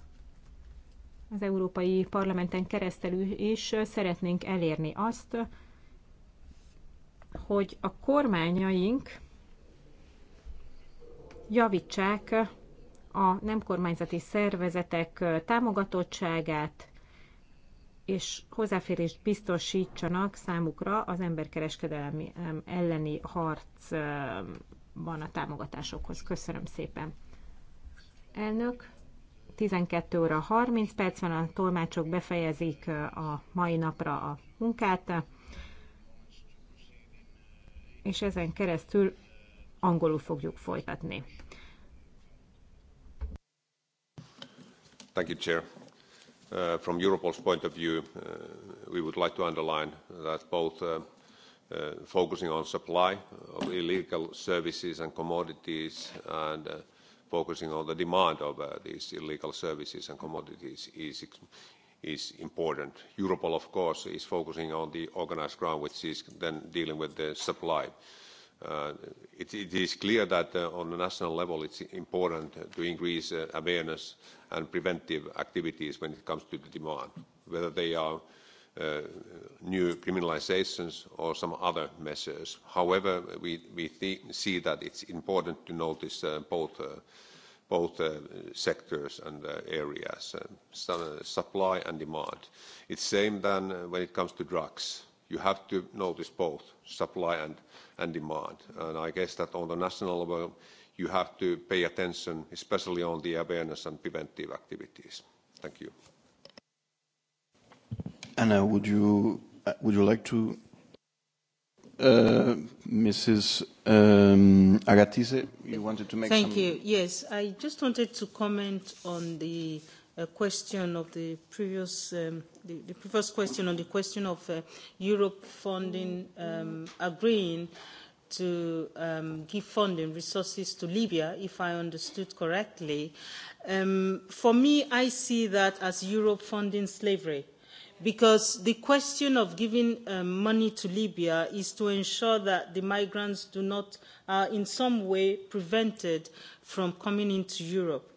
az Európai Parlamenten keresztül is szeretnénk elérni azt, hogy a kormányaink javítsák a nem kormányzati szervezetek támogatottságát, és hozzáférést biztosítsanak számukra az emberkereskedelmi elleni harcban a támogatásokhoz. Köszönöm szépen. Elnök, 12 óra 30 perc van, a tolmácsok befejezik a mai napra a munkát, és ezen keresztül angolul fogjuk folytatni. Thank you, Chair. Uh, from Europol's point of view, uh, we would like to underline that both uh, uh, focusing on supply of illegal services and commodities and uh, focusing on the demand of uh, these illegal services and commodities is, is important. Europol, of course, is focusing on the organized crime, which is then dealing with the supply. Uh, Uh, it, it is clear that uh, on the national level it's important to increase uh, awareness and preventive activities when it comes to the demand, whether they are uh, new criminalizations or some other measures. However, we, we th see that it's important to notice uh, both, uh, both uh, sectors and uh, areas, uh, supply and demand. It's same than uh, when it comes to drugs you have to notice both supply and, and demand. And I guess that on the national level, you have to pay attention, especially on the awareness and preventive activities. Thank you. Anna, would you would you like to? Uh, Mrs. Um, Agatise, you wanted to make Thank some... you. Yes, I just wanted to comment on the uh, question of the previous, um, the, the previous question on the question of uh, Europe funding um, agreeing to um, give funding resources to Libya, if I understood correctly. Um, for me, I see that as Europe funding slavery because the question of giving um, money to Libya is to ensure that the migrants do not, are uh, in some way prevented from coming into Europe